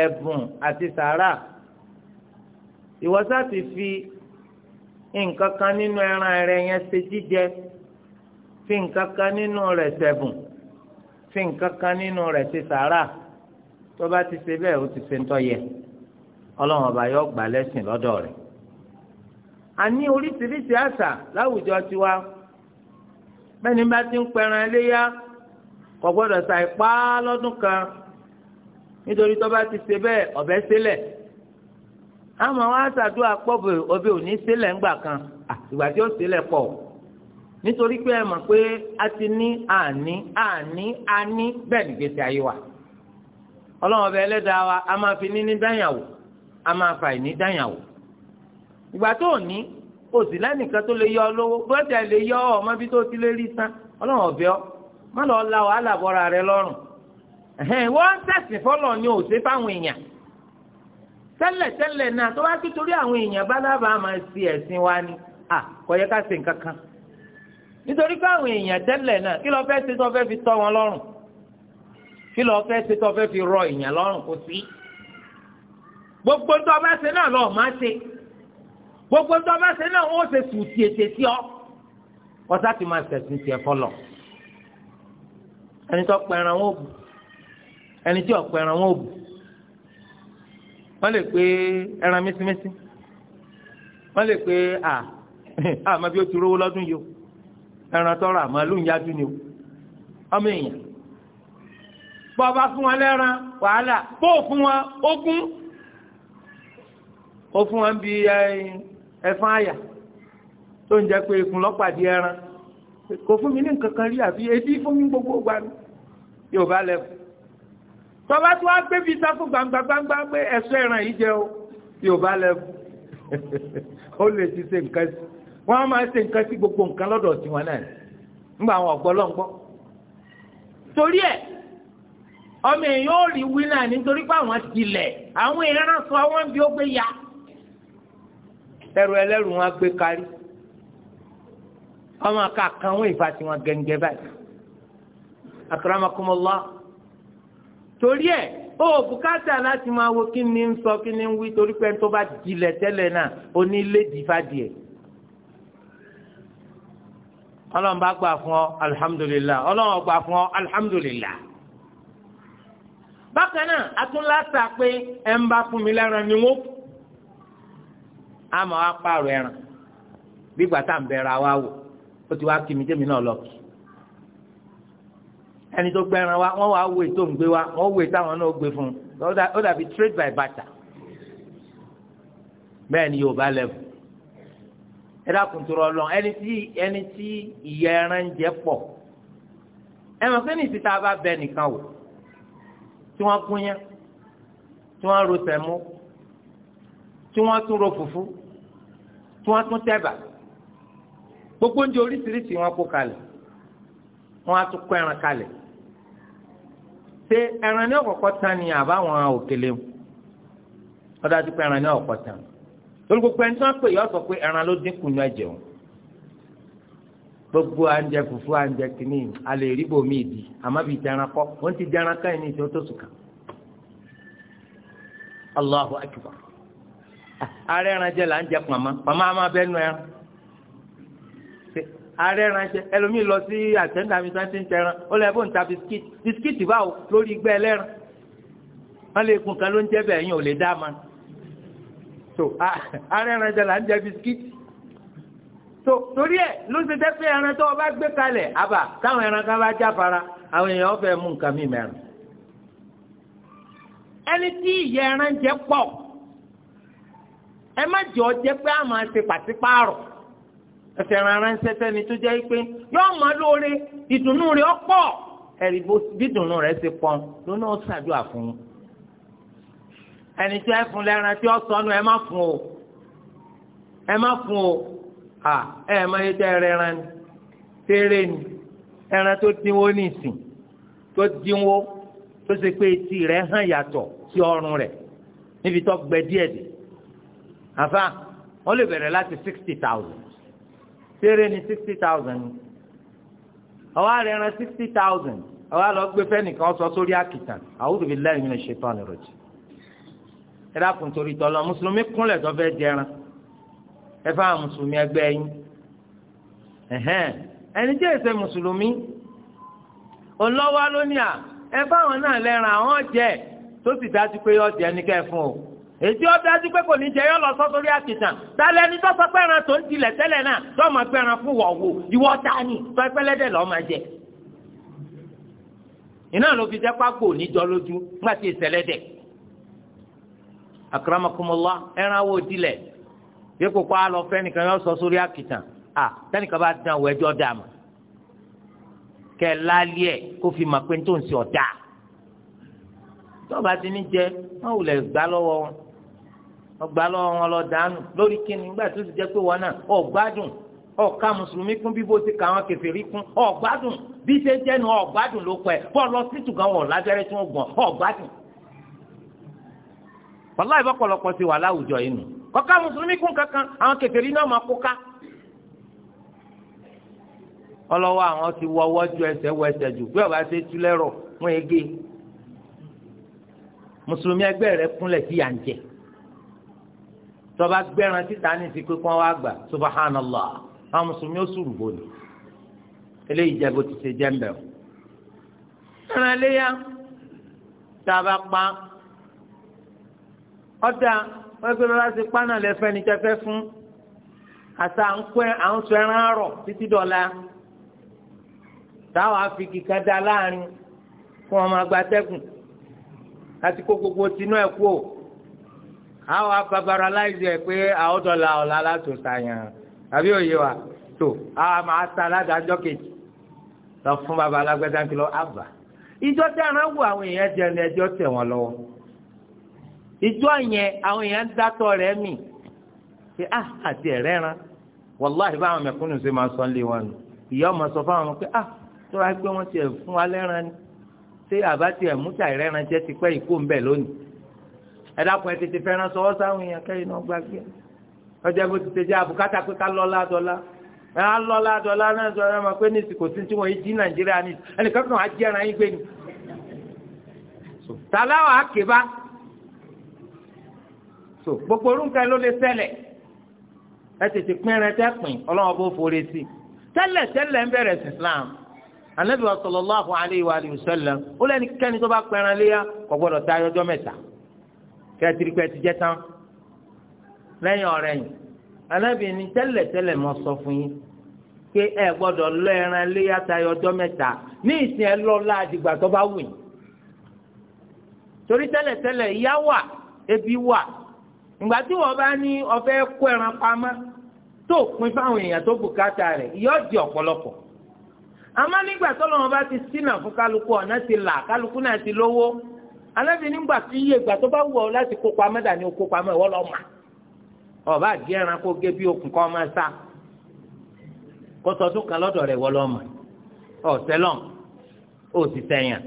ẹ̀bùn àti sàárà ìwọ sá ti fi nǹkan kan nínú ẹran rẹ yẹn ṣe jíjẹ fi nǹkan kan nínú rẹ̀ ṣẹ̀bùn fi nǹkan kan nínú rẹ̀ ṣe sàárà tó bá ti ṣe bẹ́ẹ̀ ó ti ṣe ń tọ́ yẹ ọba yóò gbà lẹ́sìn lọ́dọ̀ rẹ̀. a ní oríṣiríṣi àṣà láwùjọ tiwa bẹ́ẹ̀ni bá ti ń pẹran iléyá kò gbọ́dọ̀ sa ipá lọ́dún kan nítorí tó bá ti ṣe bẹ́ẹ̀ ọ̀bẹ sílẹ̀ àmọ́ wọn á ṣàdúrà pọ̀ bẹ́ẹ̀ ọbẹ̀ ò ní sílẹ̀ ńgbà kan ìgbà tí ó sílẹ̀ pọ̀ nítorí pé ẹ mọ̀ pé a ti ní àní àní àní bẹ́ẹ̀ nìgbésí ayé wa ọlọ́run ọbẹ̀ ẹlẹ́dàá wa a máa fi níní dáyàwó a máa fa ìní dáyàwó ìgbà tó ní kò sì lẹ́nìkan tó lè yọ ọ lówó bọ́tà lè yọ ọ ọmọ bí tó ti lè rí san ọlọ́run ọ̀bẹ ọ má lọ la wàhálà bọ́ra rẹ lọ́rùn wọ́n ń tẹ̀sìn fọ́lọ̀ ni ò sí fáwọn èèyàn tẹ́lẹ̀tẹ́lẹ̀ náà tó bá ti torí àwọn èèyàn bá dábàá máa ṣe ẹ̀sìn wa ni à kò yẹ ká ṣe nǹkan kan nítorí pé àwọn èèyàn tẹ́lẹ̀ náà kí lọ fẹ́ ṣe tó fẹ́ fi tọ́ wọn lọ́rùn kí lọ fẹ́ ṣe tó fẹ́ fi rọ èèyàn lọ́rùn kò sí gbogbo tó bá ṣe náà lọ́ọ̀ máa ṣe. gbogbo tó bá ṣe náà wọ́n ṣe sùn tiẹ̀ tiẹ̀ ọ kọ́sá ti máa ṣẹ̀sìn tiẹ̀ fọlọ̀ ẹni tó pẹran wọn ẹni tí ẹran wọn ò pe ẹran mísímísí wọn lè pe à <laughs> àmọ́ bí ó ti rówó yìí o ẹran tọrọ àmọ́ lóun yá dún ni o ọmọ èèyàn fún wọn lẹ́ran wàhálà bó fún wọn ogún ó fún ẹ̀fọn àyà tó ń jẹ́ pé ikùn lọ́pàdé ẹran kò fún mi ní nǹkan rí ebi fún gbogbo gbà mí yóò bá lẹ́kùn tọ́ba tí gbé bíi sáfù gbangba gbangba pé ẹ̀sọ́ ẹran yìí jẹ́ o yóò bá lẹ́kùn ó lè ti ṣe nǹkan sí wọ́n máa ṣe nǹkan sí gbogbo nǹkan lọ́dọ̀ torí ẹ̀ ọmọ èèyàn ò nítorí pé àwọn ti àwọn èèyàn náà sọ àwọn bí ó gbé ya. ẹrù ẹlẹ́rù wọn gbé kárí ọmọ akáàkán wọn ìfà tí wọn gẹ̀ǹgẹ̀ báyìí akramakumullah torí ẹ ó bùkátà láti máa wo kí ni ń sọ kí ni ń wí torí pé tó bá dilẹ̀ tẹ́lẹ̀ náà onílé dìfadì ẹ̀ ọlọ́run bá gbà fún ọ alihamudulilayi ọlọ́run gbà fún ọ alihamudulilayi bákan náà a tún láta pé ẹ ń bá fún mi lẹ́ran ni wọ́n á máa wá pààrọ̀ ẹran bí gbàtà ń bẹ̀rẹ̀ àwa wò ó ti wá kí mi jẹ́mi náà lọ kì ẹni tó gbẹran wa wọ́n wá wo ètò òǹgbé wa wọ́n wo ètò àwọn náà gbé fún un ó dàbí trade by barter bẹ́ẹ̀ ni yorùbá lẹ́bù ẹ dákun tó rọ lọ ẹni tí ẹni tí ìyá ẹran jẹ pọ̀ ẹ mọ̀ pé ní ìsìta bá bẹ nìkan wò tí wọ́n kúnyán tí wọ́n ro tẹ̀mú tí wọ́n tún ro fufu tí wọ́n tún gbogbo oúnjẹ oríṣiríṣi wọn kó kalẹ̀ wọ́n tún kó ẹran kalẹ̀ ṣé ẹran ní ọ̀kọ̀ọ̀kọ̀ tán ni àbáwọn òkèlè ọ̀dà tó pé ẹran ní tán lórí gbogbo ẹni tí wọ́n pè yọ sọ pé ẹran ló dínkù ní ẹ̀jẹ̀ wọn gbogbo àǹjẹ àǹjẹ arẹ ẹranjẹ là ń jẹ pàmà pàmà á máa bẹ nu ẹran arẹ ẹranjẹ ẹlòmíì lọ sí àtẹnudà mi sáńtì ń tẹran ó lọ ẹbí òǹta bisikíìtì bisikíìtì báwo lórí igbá ẹlẹ́ran wọn lè kun kan ló ń jẹ bẹ́ẹ̀ yín ò lè dá ma so arẹ ẹranjẹ là ń jẹ bisikíìtì so torí ẹ ló ṣe jẹ pé ẹran tó o bá gbé kalẹ̀ àbà táwọn ẹran kan bá jáfara àwọn èèyàn fẹ́ mú nǹkan mi ẹni tí ìyẹ ẹran jẹ pọ̀ ẹ má jẹ́ ọ pé a máa ṣe pàtípààrọ̀ ẹsẹ̀ rárá ń ṣẹ́ṣẹ́ ni tó jẹ́ pé yóò máa lóore ìdùnnú rẹ̀ ọ̀pọ̀ ẹ̀rí bí ìdùnnú rẹ̀ ṣe pọn lónà ó ṣàdúrà fún un ẹni tí ẹ fún lẹ́ran tí ó sọnù ẹ má fún o ẹ má fún o ẹ má yẹ tẹ́ ẹran ni tẹ́rẹ́ ni ẹran tó dínwó ní ìsìn tó dínwó tó ṣe pé etí rẹ̀ hàn yàtọ̀ sí ọrùn rẹ̀ níbi tó gbẹ díẹ̀ dé Afa wọ́n lè bẹ̀rẹ̀ láti sixty thousand tẹ́rẹ́ ni sixty thousand ọwọ́ àrẹ̀rẹ̀ sixty thousand ọwọ́ àlọ́ gbé fẹ́nìkan sọ sórí àkìtàn a'udhu billahi minash shaitani rajim ẹ dákun torí tọ́lọ́ mùsùlùmí kúnlẹ̀ tó fẹ́ jẹran ẹ fáwọn mùsùlùmí ẹgbẹ́ yín ẹni jẹ́ ẹsẹ̀ mùsùlùmí ọlọ́wà lónìí à ẹ fáwọn náà lẹ́ran àwọn jẹ tó sì dájú pé ọ̀jẹ̀ ní kẹ́ fún o. èyí ó dájú pé kò ní jẹ yọ lọ sọ sórí àkìtàn tálẹ tó sọ pé ẹran tó ń tilẹ̀ tẹ́lẹ̀ náà tó máa pé ẹran fún wọ̀wọ̀ ìwọ ta ni tó ẹ pẹ́lẹ́dẹ̀ máa jẹ iná ló fi jẹ́ pákó lójú nígbà tí ìṣẹ̀lẹ̀ dẹ̀ ẹran wo pa lọ fẹ́ nìkan yọ sọ sórí àkìtàn à tẹ́nìkan bá dán ẹjọ́ dà kẹ́ lálẹ́ ẹ̀ kó fi mà pé ní ọgbà lọ́wọ́ wọn lọ dànù lórí kíni nígbà tó ti jẹ́ pé wọn náà ọ̀gbádùn ọ̀ka mùsùlùmí kún bí bó ti kà wọn kèfèrí kún ọ̀gbádùn bí ṣe jẹ́ nu ọ̀gbádùn ló pẹ́ bọ́ọ̀lù ọ̀sìtù gan wọn lábẹ́rẹ́ tí wọ́n gbọ̀n ọ̀gbádùn. wàláì bọ́pọ̀lọpọ̀ ti wà láwùjọ yìí nù ọ̀ka mùsùlùmí kún kankan àwọn kèfèrí náà máa kó ká. ọlọ́wọ́ àwọn ti wọ ọwọ́ ju ẹsẹ̀ wọ ẹsẹ̀ jù bí ọba ṣe tú lẹ́rọ̀ wọ́n ege mùsùlùmí ẹgbẹ́ rẹ̀ kúnlẹ̀ sí yànjẹ́ tọba gbẹran títa ní ti pé wá gbà subhanallah àwọn mùsùlùmí ó sùrù bò ní eléyìí jẹ bó ti ṣe jẹ mbẹ o. ẹran léyà tá a bá pa ọ̀dà wọ́n gbé lọ́la sí pánà lẹ́fẹ́ ní tẹ́fẹ́ fún àti à ń sọ ẹran àárọ̀ títí dọ̀la táwọn afikì kan dá láàrin fún ọmọ agbátẹ́gùn àti kó gbogbo tinú ẹ̀ kú o àwọn abagbara láìsí ẹ pé àwọn dọ̀là ọ̀la látò sàyàn àbí òye wa tó àwọn máa ta aládàájọ́ kejì lọ fún baba alágbẹ́dá kìlọ̀ àbà ìjọ dáná wo àwọn èèyàn jẹ ní ẹjọ́ tẹ̀ wọ́n lọ́wọ́ ìjọ yẹn àwọn èèyàn ń dátọ̀ rẹ̀ mì ṣe á àti ẹ̀rẹ́ ran wàláhì báwọn mẹ̀kúnnù ṣe máa sọ lé wọn nù ìyá ọmọ sọ fáwọn pé á tó ra pé wọ́n ti ẹ̀ fún wa lẹ́ran ni ṣé àbá ti ẹ̀ mú tàìrẹ́ran jẹ́ tipẹ́ ìkó ń bẹ̀ lónìí ẹ dákun ẹ tètè fẹ́ràn sọ ọ́ sáwọn èèyàn kẹ́yìn náà gbàgbé ọjọ́ bó ti tẹ̀jẹ́ àbùkátà pé ká lọ́lá dọ́lá ẹ á lọ́lá náà sọ ẹ máa pé ní sí tí nàìjíríà ní yín gbé ni. gbogbo orúkọ ló lè ẹ tètè pín bó forí sí tẹ́lẹ̀ tẹ́lẹ̀ ń bẹ̀rẹ̀ Islam wa sallam ó lẹ́ni kẹ́ni tó bá kẹtìrìpẹ ti jẹ tán lẹ́yìn ọ̀rẹ́ yìí anábìnrin tẹ́lẹ̀tẹ́lẹ̀ mọ sọ fún yín pé ẹ gbọ́dọ̀ lọ ẹran léyà tayọ ọjọ́ mẹ́ta ní ìsìn ẹ lọ láàdìgbà tó bá wù yín torí tẹ́lẹ̀tẹ́lẹ̀ ìyà wà ebi wà ìgbà tí bá ní ọ̀fẹ́ kó ẹran pamọ́ tó pin fáwọn èèyàn tó bùkátà rẹ̀ ìyà ọ̀dì ọ̀pọ̀lọpọ̀ àmọ́ nígbà tó lọ́wọ́ bá ti ṣínà fún kálukú ọ̀nà ti là kálukú náà ti lówó alábi nígbà tí iye ìgbà tó bá wù ọ láti kópa ni o kópa mọ́ ìwọ lọ mà ọba àgé ẹranko gé bí okùn kọ́ ọmọ sá kó kan lọ́dọ̀ rẹ̀ ìwọ lọ mà ọ̀sẹ̀ lọ́n ó sẹ́yìn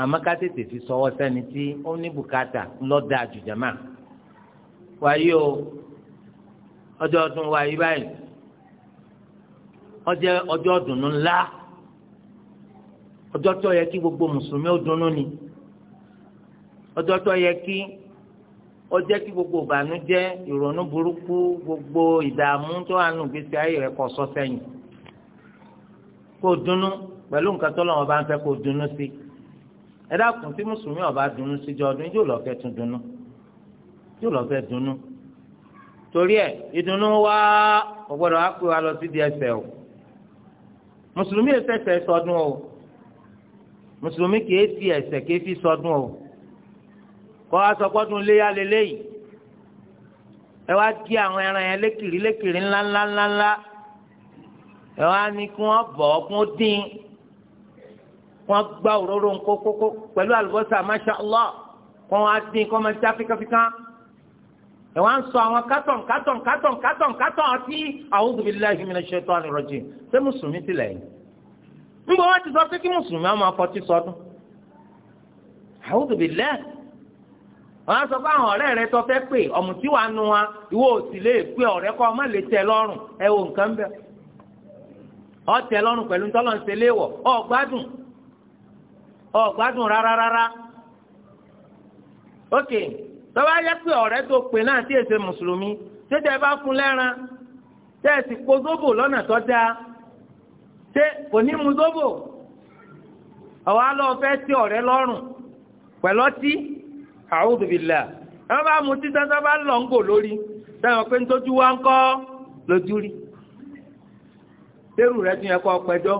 àmọ́ ká tètè fi sẹ́ni tí ó ní bùkátà lọ́dà àjùjàmá wáyé o ọjọ́ ọdún gbogbo mùsùlùmí ó dunnú ni. ọjọ́ tó yẹ kí ó jẹ́ kí gbogbo ìbànújẹ́ ìrònú burúkú gbogbo ìdààmú tó wà nù gbèsè ayé rẹ̀ kọ́ sọ sẹ́yìn kó dunnú pẹ̀lú nǹkan tó lọ́wọ́ bá ń fẹ́ kó dunnú sí ẹ dákun tí mùsùlùmí ọba dunnú sí jọ ọdún yóò lọ́ọ́ fẹ́ tún dunnú yóò lọ́ọ́ fẹ́ dunnú torí ẹ ìdùnnú wá ọgbọ́dọ̀ á pè wá lọ sí di o mùsùlùmí ẹsẹ̀ ẹsẹ̀ sọdún o mùsùlùmí kìí fi ẹsẹ̀ kìí fi sọdún o kọ́ asọ́kọ́tún léyà lélẹ́yìí ẹ wá di àwọn ẹran yẹn lékiri lékiri ńláńláńláńlá ẹ wá ní kí wọ́n bọ̀ ọ́ kí wọ́n dín wọ́n gbá òróró ńkókókó pẹ̀lú àlùbọ́sà masha allah kọ́ wọ́n á dín kọ́ máa já fíkàfíkà ẹ wá ń sọ àwọn kátọ̀n kátọ̀n kátọ̀n kátọ̀n kátọ̀n ọtí a'udhu billahi minash shaitani rajim ṣé mùsùlùmí ti lẹ̀ yìí ń bọ̀ wọ́n ti sọ pé kí mùsùlùmí á máa fọtí sọdún a'udhu billahi. ọ á sọ pé àwọn ọ̀rẹ́ rẹ tó fẹ́ pè ọmọ tí wàá nu wa ìwọ ò sì lè pé ọ̀rẹ́ ọmọ lè tẹ lọ́rùn ẹ wo nǹkan bẹ ọ tẹ lọ́rùn pẹ̀lú tọlọ ń ṣẹlẹ̀ wọ ọ gbádùn ọ gbádùn rárá ok tó bá yẹ pé ọ̀rẹ́ tó pè náà tí èsè mùsùlùmí tètè bá fún lẹ́ran tẹ ẹ sì po zobo lọ́nà tó dáa kò ní mu zobo ọwọ alọ fẹ́ sí ọ̀rẹ́ lọ́rùn pẹ̀lú ọtí. a'udhu billah àwọn bá mu títí tí wọ́n bá lọ ń gò lórí táwọn pé nítorí wá ń kọ́ lójú rí tẹ́rù rẹ tún yẹ kọ́ pẹjọ́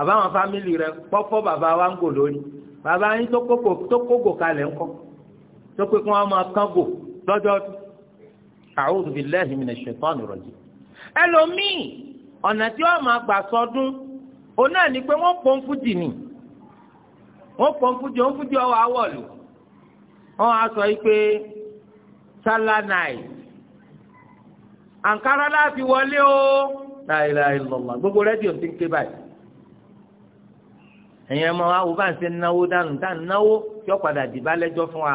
àbáwọn fámìlì rẹ pọ́pọ́ bàbá wa ń gò lórí bàbá yín tó kókò kalẹ̀ ń kọ́ tó pé kí wọ́n máa kánkò lọ́jọ́ a'udhu billahi minash shaitani rajim ẹlòmíì ọ̀nà tí wọ́n máa gbà sọdún òun náà ni pé wọ́n pọ́n fújì ni wọ́n pọ́n fújì wọ́n fújì ọwọ́ àwọ̀ lò wọ́n a sọ yìí pé sálá náì àǹkárá láti wọlé o láìláì lọ́lá gbogbo rẹ́díò ti ń ké báyìí ẹ̀yin ọmọ wa wo bá ń ṣe náwó dànù tá ń náwó tí wọ́n padà dìbà lẹ́jọ́ fún wa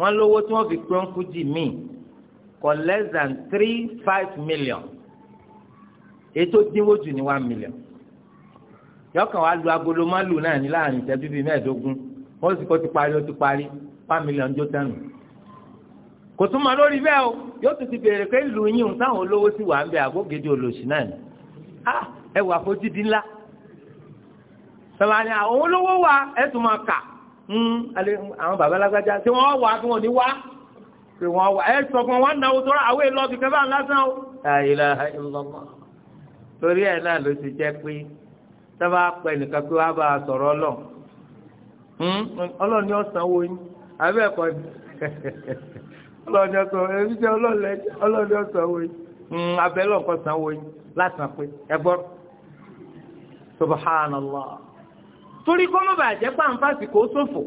wọ́n lówó tí wọ́n fi pé fújì míì kò less than three five million ètò dínwó jù ní one million yọkàn wa lu agolo málù náà ní láàrin ìtẹ́bíbí mẹ́ẹ̀ẹ́dógún wọ́n sì kọ́ ti parí ó ti parí five million jó tẹ́nu. kò tún mọ lórí bẹ́ẹ̀ o yóò tún ti bèèrè pé ìlú yín táwọn olówó sì wà ń bẹ àgógede olóṣì náà ni ẹ wà fojúdi ńlá. sọ̀rọ̀ àwọn olówó wa ẹ tún máa kà àwọn bàbá alágbájá tí wọ́n wà tí wọ́n ní wá tí wọ́n wà ẹ sọ fún wọn náà tó rà àwọn èèlọ́ ti kẹfà lásán o. torí ẹ̀ náà ló ti jẹ́ pé sábà pẹ̀ nìkan pé wàá bá a sọ̀rọ̀ ọlọ́run Hmm? ọlọ́ọ̀ni ọ̀sánwó yín abẹ́ ẹ̀kọ́ ni ọlọ́ọ̀ni ọ̀sánwó yín jẹ́ ọlọ́ọ̀ni ọ̀sánwó yín hmm, abẹ́ lọ́kọ̀ sánwó yín lásán pé ẹgbọ́ subhanallah torí kọ́ mọ́ bàjẹ́ pé à ń fàsìkò ṣòfò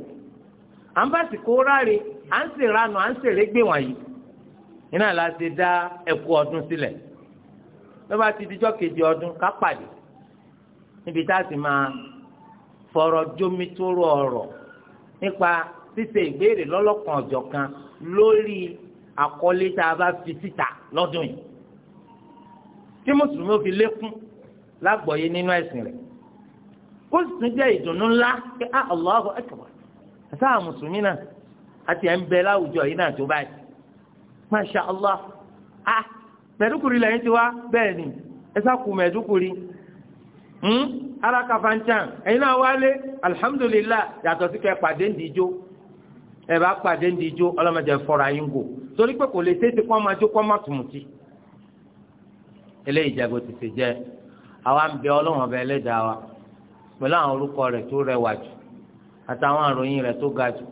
à ń fàsìkò ráre à ń la ti dá ẹ̀kú ọdún sílẹ̀ lọ́ba ti kejì ọdún níbi tá a fọ̀rọ̀ jomitoro ọ̀rọ̀ nípa ṣíṣe ìbéèrè lọ́lọ́kan ọ̀jọ̀kan lórí àkọlé tá a bá fi síta lọ́dún yìí tí mùsùlùmí ó fi lékún lágbọ̀ọ́yé nínú ẹ̀sìn rẹ̀ kó sì tún jẹ́ ìdùnnú ńlá pé a ah, Allahu akbar sáà mùsùlùmí náà àti ẹ̀ ń bẹ láwùjọ yìí náà tó báyìí masha Allah ah mẹ̀dúkùrí lẹ́yìn tiwa bẹ́ẹ̀ ni ẹ sá kú mẹ̀dúkùrí Hmm? ara kafanchan ẹ̀yin náà na alihamudulilayi yàtọ̀ sí kẹ́ pàdé ndíjó ẹ bá pàdé ndíjó ọlọ́mọdé fọ́ra yín gò torí pé kò lè tètè kọ́ máa kọ́ máa tùmùtì eléyìí jago tètè jẹ àwa ń bẹ ọlọ́wọ́n ọbẹ̀ ẹlẹ́dàá wa pẹ̀lú àwọn orúkọ rẹ̀ tó rẹwà jù àtàwọn àròyìn rẹ̀ tó ga jù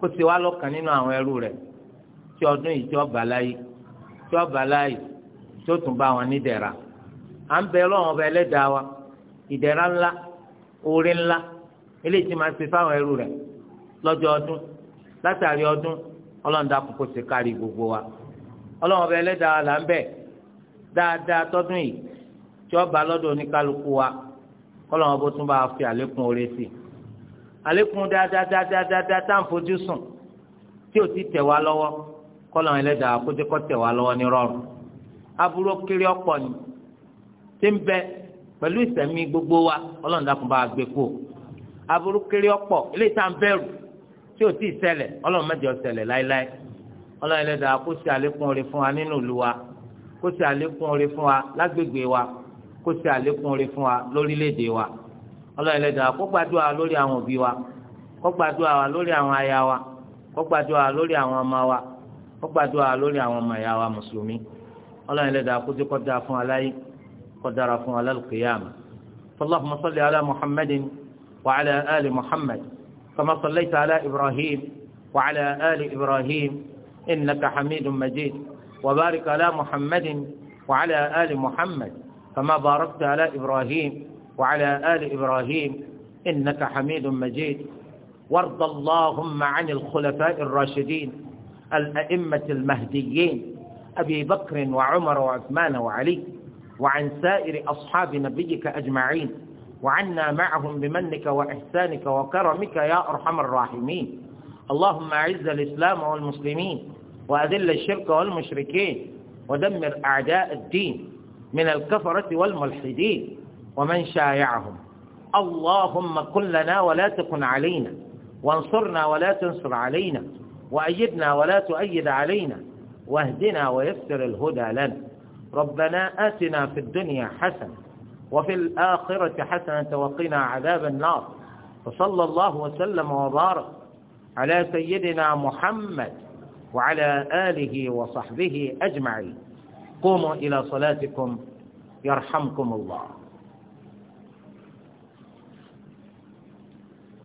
kó ti wá lọ́kàn nínú àwọn ẹrú tí ọdún yìí tí ọba à ń bẹ Ọlọ́run ọba ẹlẹ́dàá wa ìdẹ̀ra ńlá oore ńlá eléyìí tí máa ṣe fáwọn ẹrú rẹ̀ lọ́jọ́ ọdún látàrí ọdún Ọlọ́run dá kókó ṣe kárí gbogbo wa Ọlọ́run ọba ẹlẹ́dàá wa là ń bẹ̀ dáadáa tọ́dún yìí tí ọba lọ́dọ̀ oníkálukú wa kọ́lọ́run bó tún bá fi àlékún oore sí i àlékún dáadáa dáadáa tá à ń fojú sùn tí ò ti tẹ̀ wá lọ́wọ́ kọ́lọ́run ẹlẹ́dàá kó jẹ́ kó tẹ̀ wá lọ́wọ́ ní rọrùn aburú kiri ọ̀pọ̀ ni tí ń bẹ pẹ̀lú ìsẹ̀mí gbogbo wa ọlọ́run dákun bá gbé kú aburú kéré ọ̀pọ̀ eléyìí tá à ń bẹ̀rù tí ò tí ì ṣẹlẹ̀ ọlọ́run mẹ́jọ ṣẹlẹ̀ láéláé ọlọ́run ẹlẹ́dàá kó ṣe àlékún oore fún wa nínú ìlú wa kó ṣe àlékún oore fún wa lágbègbè wa kó ṣe àlékún oore fún wa lórílẹ̀‐èdè wa ọlọ́run ẹlẹ́dàá kó gbàdúrà lórí àwọn òbí wa kó gbàdúrà lórí àwọn aya wa kó gbàdúrà lórí àwọn ọmọ wa kó gbàdúrà lórí àwọn ọmọ ìyá wa mùsùlùmí ọlọ́run ẹlẹ́dàá kó jẹ́ kó dáa fún wa láyé قدر على القيامة فاللهم صل على محمد وعلى آل محمد كما صليت على إبراهيم وعلى آل إبراهيم إنك حميد مجيد وبارك على محمد وعلى آل محمد كما باركت على إبراهيم وعلى آل إبراهيم إنك حميد مجيد وارض اللهم عن الخلفاء الراشدين الأئمة المهديين أبي بكر وعمر وعثمان وعلي وعن سائر أصحاب نبيك أجمعين وعنا معهم بمنك وإحسانك وكرمك يا أرحم الراحمين اللهم أعز الإسلام والمسلمين وأذل الشرك والمشركين ودمر أعداء الدين من الكفرة والملحدين ومن شايعهم اللهم كن لنا ولا تكن علينا وانصرنا ولا تنصر علينا وأيدنا ولا تؤيد علينا واهدنا ويسر الهدى لنا ربنا آتنا في الدنيا حسنة وفي الآخرة حسنة وقنا عذاب النار وصلى الله وسلم وبارك على سيدنا محمد وعلى آله وصحبه أجمعين قوموا إلى صلاتكم يرحمكم الله